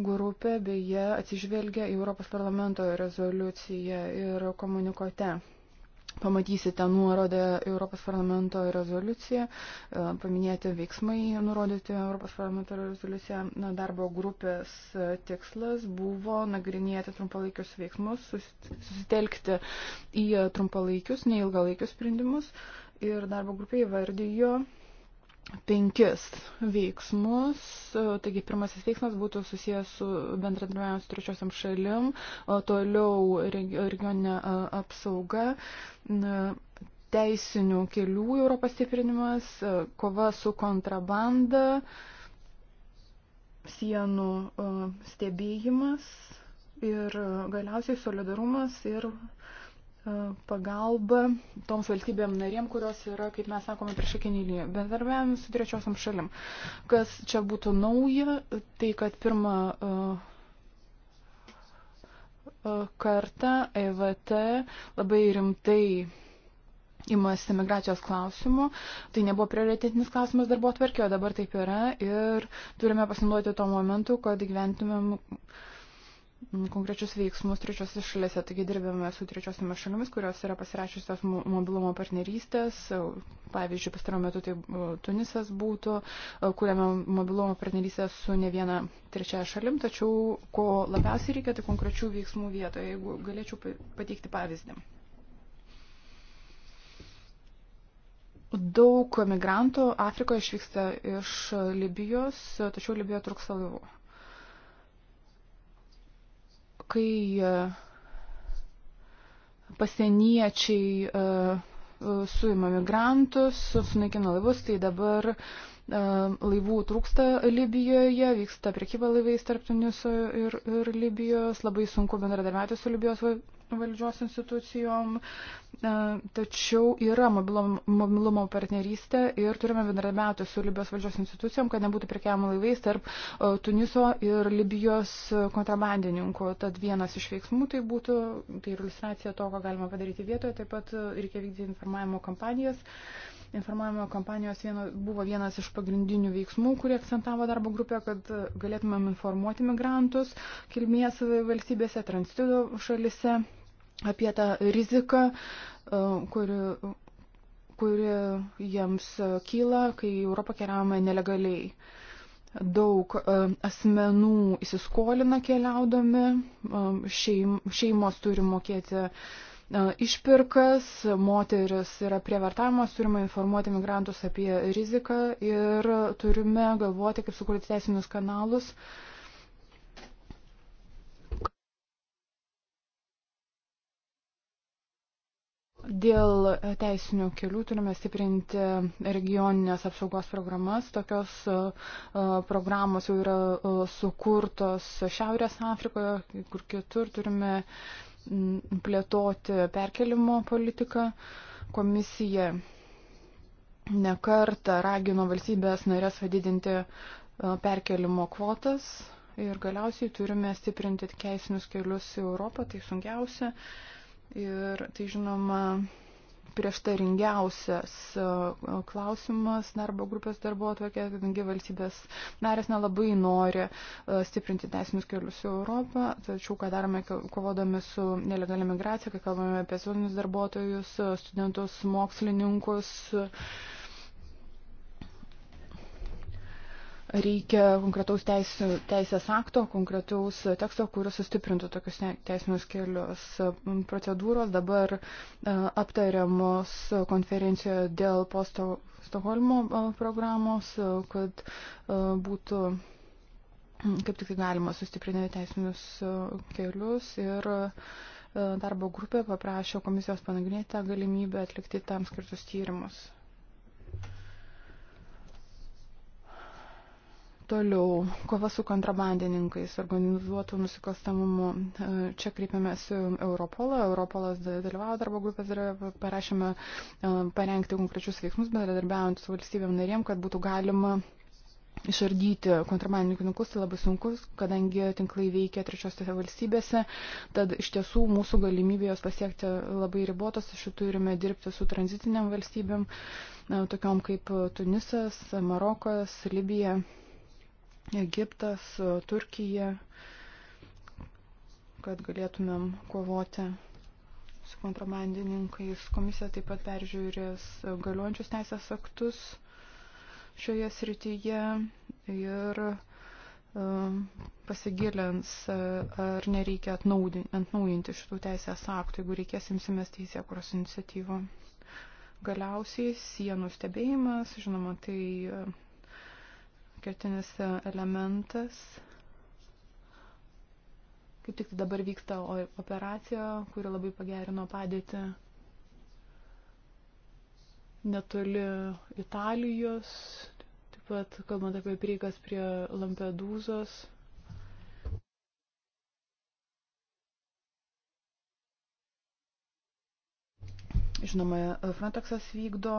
grupė beje atsižvelgia į Europos parlamento rezoliuciją ir komunikate Pamatysite nuorodą Europos parlamento rezoliuciją, e, paminėti veiksmai nurodyti Europos parlamento rezoliuciją. Na, darbo grupės e, tikslas buvo nagrinėti trumpalaikius veiksmus, susitelkti į trumpalaikius, neilgalaikius sprendimus. Ir darbo grupė įvardijo penkis veiksmus. Taigi pirmasis veiksmas būtų susijęs su bendradarbiavimu su trečiosiam šalim, toliau regioninė apsauga, teisinių kelių Europos stiprinimas, kova su kontrabanda, sienų stebėjimas ir galiausiai solidarumas ir uh, pagalba toms valstybėm narėm, kurios yra, kaip mes sakome, priešakinį lygį, bendarbiavim su trečiosiam šalim. Kas čia būtų nauja, tai kad pirmą e, e, kartą EVT labai rimtai imasi migracijos klausimų. Tai nebuvo prioritetinis klausimas darbo atverkio, dabar taip yra ir turime pasinaudoti to momentu, kad gyventumėm uh, konkrečius veiksmus trečiose šalise. Taigi dirbėme su trečiosiomis šalimis, kurios yra pasirašysios mobilumo partnerystės. Pavyzdžiui, pastaruo metu tai Tunisas būtų, e, kuriame mobilumo partnerystė su ne viena trečiaja šalim, tačiau ko labiausiai reikia, tai konkrečių veiksmų vietoje, jeigu galėčiau pateikti pavyzdį. Daug migrantų Afrikoje išvyksta iš Libijos, tačiau Libija trūksta laivų kai e, pasieniečiai e, e, suima migrantus, sunaikina laivus, tai dabar laivų trūksta Libijoje, vyksta prekyba laivais tarp Tuniso ir, ir Libijos, labai sunku bendradarbiauti su Libijos valdžios institucijom, e, tačiau yra mobilumo, mobilumo partnerystė ir turime bendradarbiauti su Libijos valdžios institucijom, kad nebūtų prekiamų laivais tarp e, Tuniso ir Libijos kontrabandininkų. Tad vienas iš veiksmų tai būtų, tai iliustracija to, ką galima padaryti vietoje, taip pat e, reikia vykdyti informavimo kampanijas. Informavimo kampanijos vieno, buvo vienas iš pagrindinių veiksmų, kurie akcentavo darbo grupė, kad galėtumėm informuoti migrantus kilmės valstybėse, transtito šalise apie tą riziką, e, kuri, kuri jiems kyla, kai Europą keliaujama nelegaliai daug e, asmenų įsiskolina keliaudami, e, šeim, šeimos turi mokėti išpirkas, moteris yra prievartavimas, turime informuoti migrantus apie riziką ir turime galvoti, kaip sukurti teisinius kanalus, uh, Dėl teisinių kelių turime stiprinti regioninės apsaugos programas. Tokios e, e, programos jau yra e, sukurtos Šiaurės Afrikoje, kur kitur turime plėtoti perkelimo politiką. Komisija nekarta ragino valstybės narės padidinti perkelimo kvotas ir galiausiai turime stiprinti teisinius kelius į Europą, tai sunkiausia. Uh, Ir tai žinoma prieštaringiausias e, klausimas darbo grupės darbo atvarkė, kadangi valstybės narės nelabai nori e, stiprinti teisinius kelius į Europą, tačiau ką darome kovodami su nelegalia migracija, kai kalbame apie sezoninius darbuotojus, e, studentus, mokslininkus. Uh, reikia konkretaus teisų, teisės akto, konkretaus teksto, kuris sustiprintų tokius teisinius kelius. Procedūros dabar e, aptariamos konferencijoje dėl posto Stokholmo e, programos, e, kad būtų kaip tik tai galima sustiprinti teisinius kelius ir darbo grupė paprašė komisijos panagrinėti tą galimybę atlikti tam skirtus tyrimus. Toliau, kova su kontrabandininkais, organizuotų nusikalstamumu. E, čia kreipiamės į Europolą. Europolas dalyvavo darbo grupės ir parašėme e, parengti konkrečius veiksmus, bendradarbiaujant su valstybėm narėm, kad būtų galima išardyti kontrabandininkus. Tai labai sunku, kadangi tinklai veikia trečiosiose valstybėse. Tad iš tiesų mūsų galimybė jos pasiekti labai ribotos. Iš jų turime dirbti su tranzitiniam valstybėm, e, tokiom kaip Tunisas, Marokas, Libija. Egiptas, Turkija, kad galėtumėm kovoti su kontrabandininkais. Komisija taip pat peržiūrės galiojančius teisės aktus šioje srityje ir e, pasigilins, e, ar nereikia atnaujinti šitų teisės aktų, jeigu reikės imsimės teisėkuros iniciatyvų. Galiausiai sienų stebėjimas, žinoma, tai e, kertinis elementas. Kaip tik dabar vyksta operacija, kuri labai pagerino padėtį netoli Italijos, taip pat kalbant apie prieigas prie Lampedūzos. Žinoma, Frontexas vykdo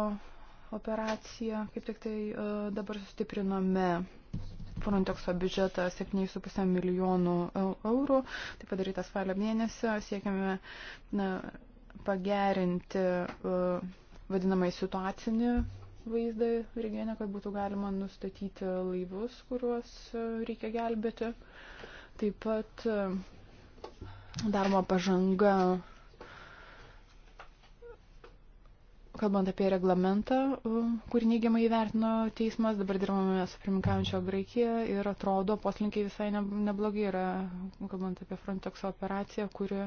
operaciją, kaip tik tai e, dabar sustiprinome Frontexo biudžetą 7,5 milijonų eurų. Tai padarytas spalio mėnesį. Siekiame na, pagerinti e, vadinamai situacinį vaizdą regione, kad būtų galima nustatyti laivus, kuriuos e, reikia gelbėti. Taip pat daroma pažanga Kalbant apie reglamentą, e, kurį neigiamai įvertino teismas, dabar dirbame su primkaujančio Graikija ir atrodo poslinkiai visai neblogai yra, kalbant apie Frontexo operaciją, kuri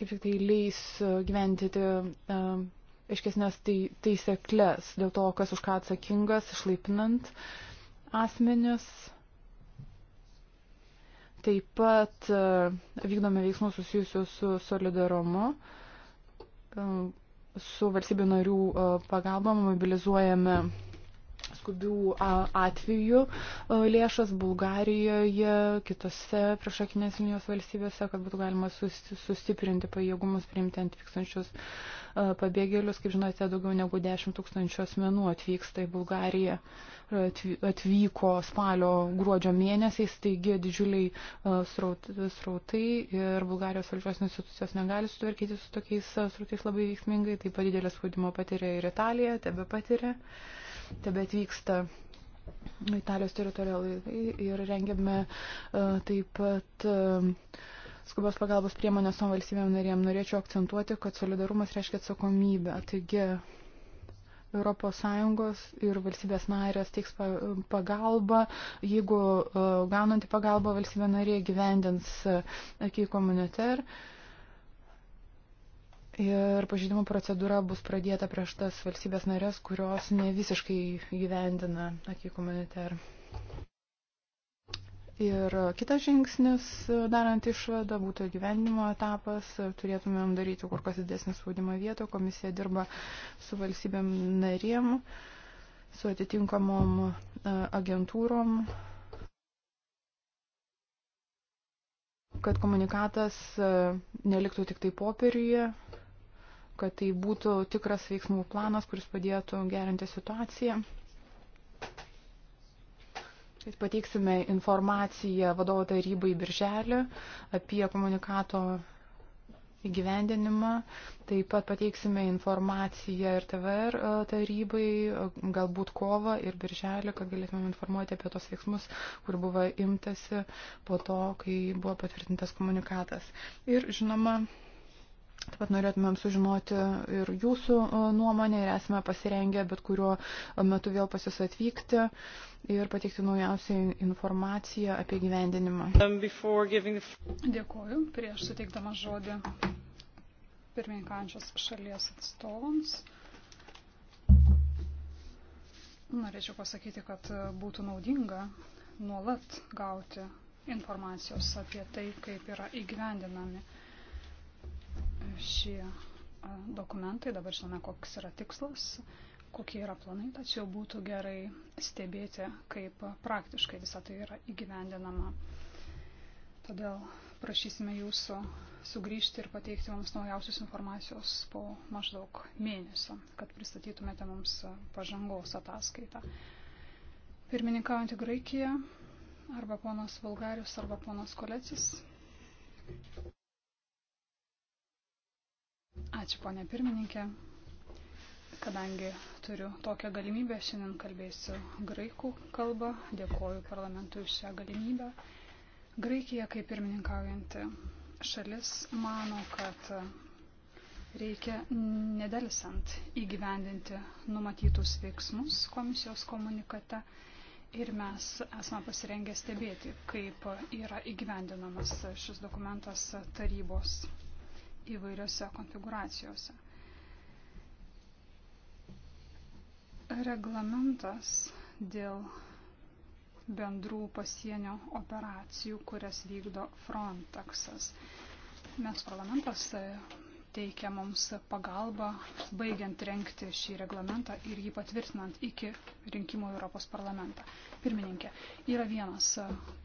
kaip tik tai leis gyventyti e, aiškesnės tai, taiseklės dėl to, kas už ką atsakingas, išlaipinant asmenis. Taip pat e, vykdome veiksmus susijusius su solidarumu. Uh, su valstybių narių pagalba mobilizuojame skubių atvejų lėšas Bulgarijoje, kitose priešakinės linijos valstybėse, kad būtų galima sustiprinti pajėgumus priimti atvykstančius pabėgėlius. Kaip žinote, daugiau negu 10 tūkstančių asmenų atvyksta į Bulgariją atvyko spalio gruodžio mėnesiais, taigi didžiuliai e, srautai ir Bulgarijos valdžios institucijos negali sutvarkyti su tokiais e, srautais labai veiksmingai, taip pat didelės spaudimo patiria ir Italija, tebe patiria, tebe atvyksta Italijos teritorijoje ir rengiame e, taip pat skubios pagalbos priemonės tom valstybėm narėm. Norėčiau akcentuoti, kad solidarumas reiškia atsakomybę. Taigi ES ir valstybės narės teiks pagalbą, jeigu e, gaunanti pagalbą valstybė narė gyvendins akį e, komuniter. Ir pažydimo procedūra bus pradėta prieš tas valstybės narės, kurios ne visiškai gyvendina akį komuniter. Ir kitas žingsnis, e, darant išvadą, būtų gyvenimo etapas, turėtumėm daryti kur kas didesnį spaudimą vietą, komisija dirba su valstybėm narėm, su atitinkamom e, agentūrom, kad komunikatas e, neliktų tik tai popieriuje, kad tai būtų tikras veiksmų planas, kuris padėtų gerinti situaciją. Pateiksime informaciją vadovo tarybai birželį apie komunikato įgyvendinimą. Taip pat pateiksime informaciją ir TVR e, tarybai, e, galbūt kovą ir birželį, kad galėtumėm informuoti apie tos veiksmus, kur buvo imtasi po to, kai buvo patvirtintas komunikatas. Ir žinoma, Taip pat norėtumėm sužinoti ir jūsų e, nuomonę ir esame pasirengę bet kuriuo e, metu vėl pas jūs atvykti ir pateikti naujausią informaciją apie gyvendinimą. Um, Dėkuoju prieš suteikdama žodį pirmininkančios šalies atstovams. Norėčiau pasakyti, kad e, būtų naudinga nuolat gauti informacijos apie tai, kaip yra įgyvendinami šie dokumentai, dabar žinome, koks yra tikslas, kokie yra planai, tačiau būtų gerai stebėti, kaip praktiškai visą tai yra įgyvendinama. Todėl prašysime jūsų sugrįžti ir pateikti mums naujausios informacijos po maždaug mėnesio, kad pristatytumėte mums pažangos ataskaitą. Pirmininkaujantį Graikiją arba ponas Vulgarius arba ponas Kolecis. Ačiū, ponė pirmininkė. Kadangi turiu tokią galimybę, šiandien kalbėsiu graikų kalbą. Dėkoju parlamentui už šią galimybę. Graikija, kaip pirmininkaujanti šalis, mano, kad reikia nedelsant įgyvendinti numatytus veiksmus komisijos komunikate ir mes esame pasirengę stebėti, kaip yra įgyvendinamas šis dokumentas tarybos įvairiose konfiguracijose. Reglamentas dėl bendrų pasienio operacijų, kurias vykdo Frontexas. Mes parlamentas teikia mums pagalbą, baigiant renkti šį reglamentą ir jį patvirtinant iki rinkimų Europos parlamentą. Pirmininkė, yra vienas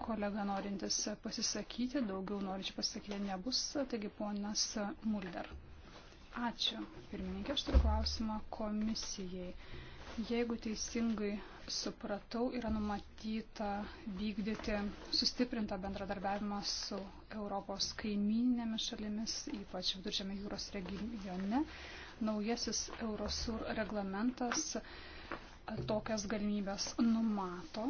kolega norintis pasisakyti, daugiau norinčių pasisakyti nebus, taigi ponas Mulder. Ačiū. Pirmininkė, aš turiu klausimą komisijai. Jeigu teisingai supratau, yra numatyta vykdyti sustiprintą bendradarbiavimą su Europos kaiminėmis šalimis, ypač Viduržėmė jūros regione. Naujasis Eurosur reglamentas tokias galimybės numato.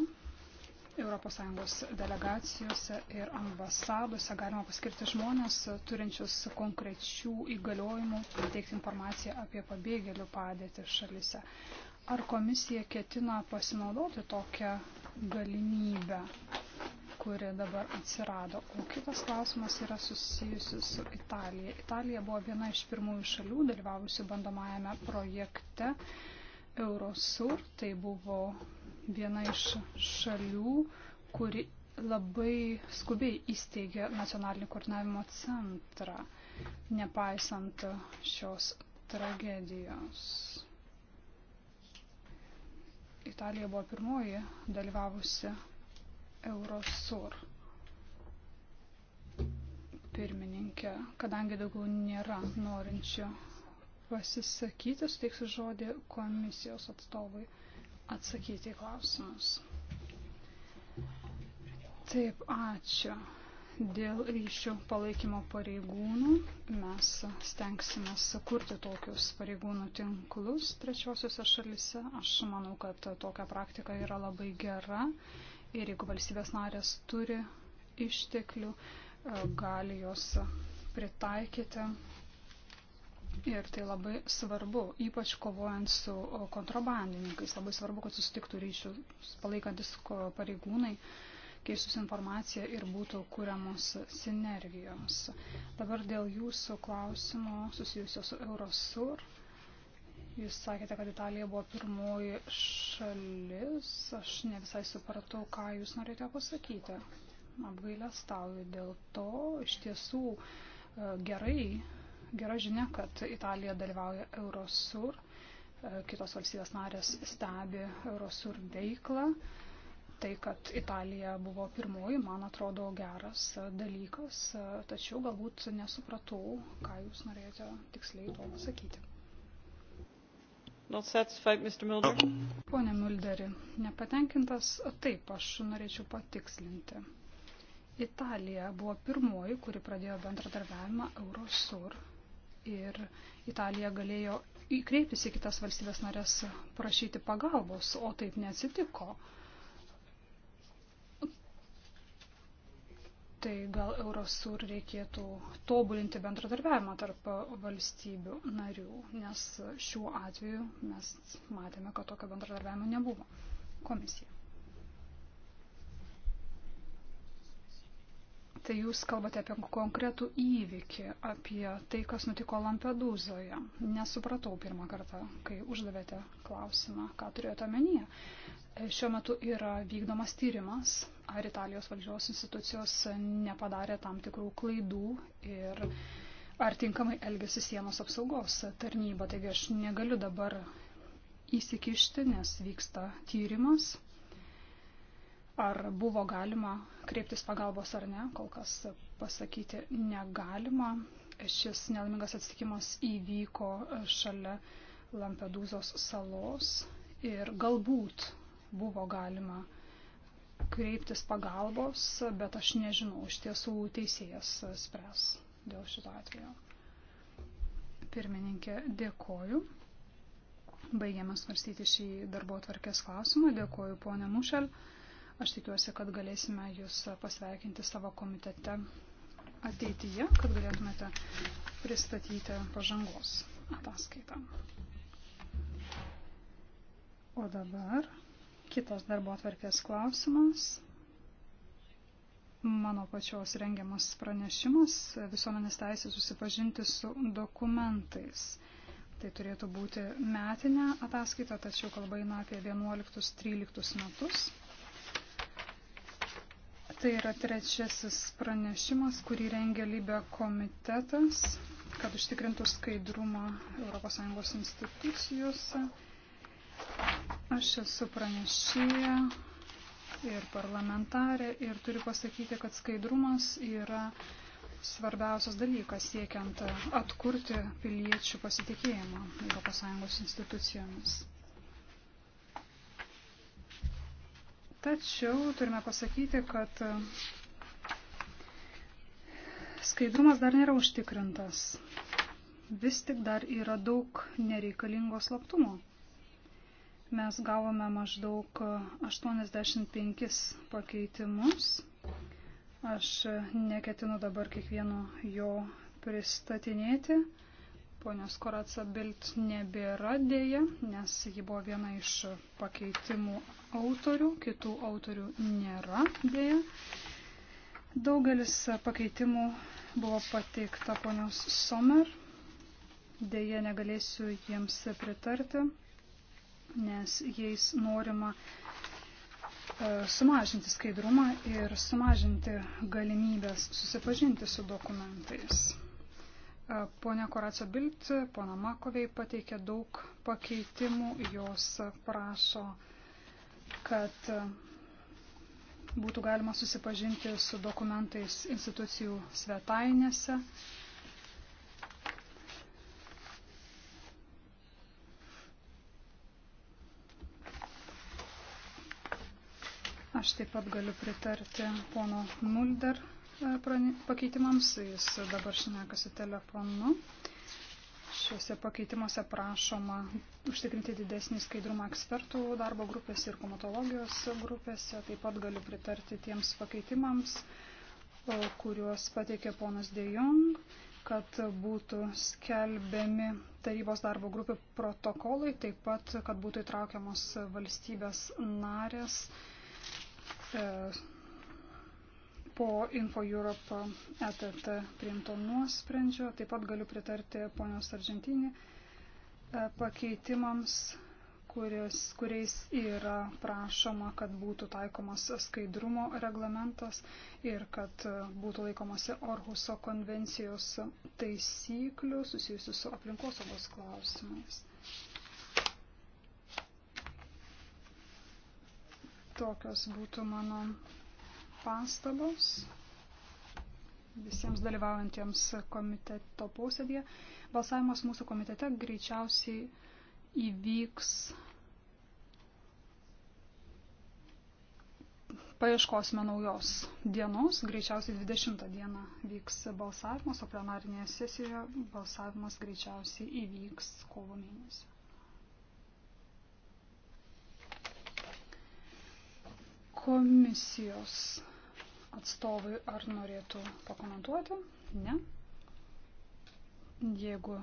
ES delegacijose ir ambasadose galima paskirti žmonės, turinčius konkrečių įgaliojimų, teikti informaciją apie pabėgėlių padėtį šalise. Ar komisija ketina pasinaudoti tokią galimybę, kuri dabar atsirado? O kitas klausimas yra susijusi su Italija. Italija buvo viena iš pirmųjų šalių dalyvavusių bandomajame projekte Eurosur. Tai buvo viena iš šalių, kuri labai skubiai įsteigė nacionalinį koordinavimo centrą, nepaisant šios tragedijos. Italija buvo pirmoji dalyvavusi Eurosur pirmininkė, kadangi daugiau nėra norinčių pasisakyti, suteiksiu žodį komisijos atstovui atsakyti į klausimus. Taip, ačiū dėl ryšių palaikymo pareigūnų. Mes stengsime kurti tokius pareigūnų tinklus trečiosiuose šalise. Aš manau, kad tokia praktika yra labai gera ir jeigu valstybės narės turi išteklių, e, gali jos pritaikyti. Ir tai labai svarbu, ypač kovojant su kontrabandininkais. Labai svarbu, kad susitiktų ryšių palaikantis pareigūnai keistus informaciją ir būtų kuriamos sinergijos. Dabar dėl jūsų klausimo susijusio su Eurosur. Jūs sakėte, kad Italija buvo pirmoji šalis. Aš ne visai supratau, ką jūs norėjote pasakyti. Apgailę stauju dėl to. Iš tiesų e, gerai, gera žinia, kad Italija dalyvauja Eurosur. E, kitos valstybės narės stebi Eurosur veiklą tai, kad Italija buvo pirmoji, man atrodo, geras dalykas, tačiau galbūt nesupratau, ką jūs norėjote tiksliai to pasakyti. Pone Mulderi, nepatenkintas, taip, aš norėčiau patikslinti. Italija buvo pirmoji, kuri pradėjo bendradarbiavimą Eurosur ir Italija galėjo kreiptis į kitas valstybės narės prašyti pagalbos, o taip neatsitiko. Uh, tai gal Eurosur reikėtų tobulinti bendradarbiavimą tarp valstybių narių, nes šiuo atveju mes matėme, kad tokio bendradarbiavimo nebuvo. Komisija. bet tai jūs kalbate apie konkretų įvykį, apie tai, kas nutiko Lampedūzoje. Nesupratau pirmą kartą, kai uždavėte klausimą, ką turėjote omenyje. E, šiuo metu yra vykdomas tyrimas, ar Italijos valdžios institucijos nepadarė tam tikrų klaidų ir ar tinkamai elgėsi sienos apsaugos tarnyba. Taigi aš negaliu dabar įsikišti, nes vyksta tyrimas ar buvo galima kreiptis pagalbos ar ne, kol kas pasakyti negalima. Šis nelaimingas atsitikimas įvyko šalia Lampedūzos salos ir galbūt buvo galima kreiptis pagalbos, bet aš nežinau, iš tiesų teisėjas spręs dėl šito atvejo. Pirmininkė, dėkoju. Baigiame svarstyti šį darbo tvarkės klausimą. Dėkoju, ponė Mušel. Aš tikiuosi, kad galėsime jūs pasveikinti savo komitete ateityje, kad galėtumėte pristatyti pažangos ataskaitą. O dabar kitas darbo atverkės klausimas. Mano pačios rengiamas pranešimas visuomenės teisė susipažinti su dokumentais. Tai turėtų būti metinė ataskaita, tačiau kalba eina apie 11-13 metus. Tai yra trečiasis pranešimas, kurį rengia Libė komitetas, kad užtikrintų skaidrumą ES institucijose. Aš esu pranešėja ir parlamentarė ir turiu pasakyti, kad skaidrumas yra svarbiausias dalykas siekiant atkurti piliečių pasitikėjimą ES institucijomis. Tačiau turime pasakyti, kad e, skaidrumas dar nėra užtikrintas. Vis tik dar yra daug nereikalingo slaptumo. Mes gavome maždaug 85 e, pakeitimus. Aš e, neketinu dabar kiekvieno jo pristatinėti. Ponios Koratsa Bilt nebėra dėja, nes ji buvo viena iš pakeitimų autorių, kitų autorių nėra dėja. Daugelis pakeitimų buvo pateikta ponios Somer. Dėja negalėsiu jiems pritarti, nes jais norima e, sumažinti skaidrumą ir sumažinti galimybės susipažinti su dokumentais. Pone Koracio Bilt, pona Makoviai pateikė daug pakeitimų, jos prašo, kad būtų galima susipažinti su dokumentais institucijų svetainėse. Aš taip pat galiu pritarti pono Mulder pakeitimams. Jis dabar šnekasi telefonu. Šiuose pakeitimuose prašoma užtikrinti didesnį skaidrumą ekspertų darbo grupėse ir komatologijos grupėse. Taip pat galiu pritarti tiems pakeitimams, kuriuos pateikė ponas De Jong kad būtų skelbiami tarybos darbo grupių protokolai, taip pat, kad būtų įtraukiamos valstybės narės e, po Info Europe ETT priimto nuosprendžio. Taip pat galiu pritarti ponios Argentinį e, pakeitimams, kuris, kuriais yra prašoma, kad būtų taikomas skaidrumo reglamentas ir kad e, būtų laikomasi Orhuso konvencijos taisyklių susijusių su aplinkosaugos klausimais. Tokios būtų mano pastabos visiems dalyvaujantiems komiteto posėdėje. Balsavimas mūsų komitete greičiausiai įvyks paieškosime naujos dienos, greičiausiai 20 dieną vyks balsavimas, o plenarinėje sesijoje balsavimas greičiausiai įvyks kovo mėnesį. Komisijos atstovai ar norėtų pakomentuoti? Ne. Jeigu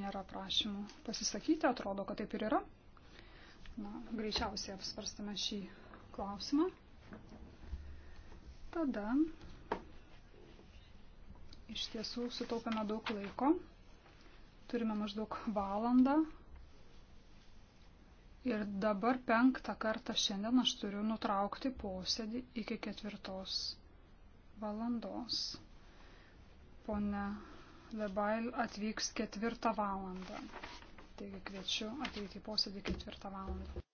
nėra prašymų pasisakyti, atrodo, kad taip ir yra. Na, greičiausiai apsvarstame šį klausimą. Tada iš tiesų sutaupėme daug laiko. Turime maždaug valandą. Ir dabar penktą kartą šiandien aš turiu nutraukti posėdį iki ketvirtos valandos. Pone Lebail atvyks ketvirtą valandą. Taigi kviečiu ateiti į posėdį ketvirtą valandą.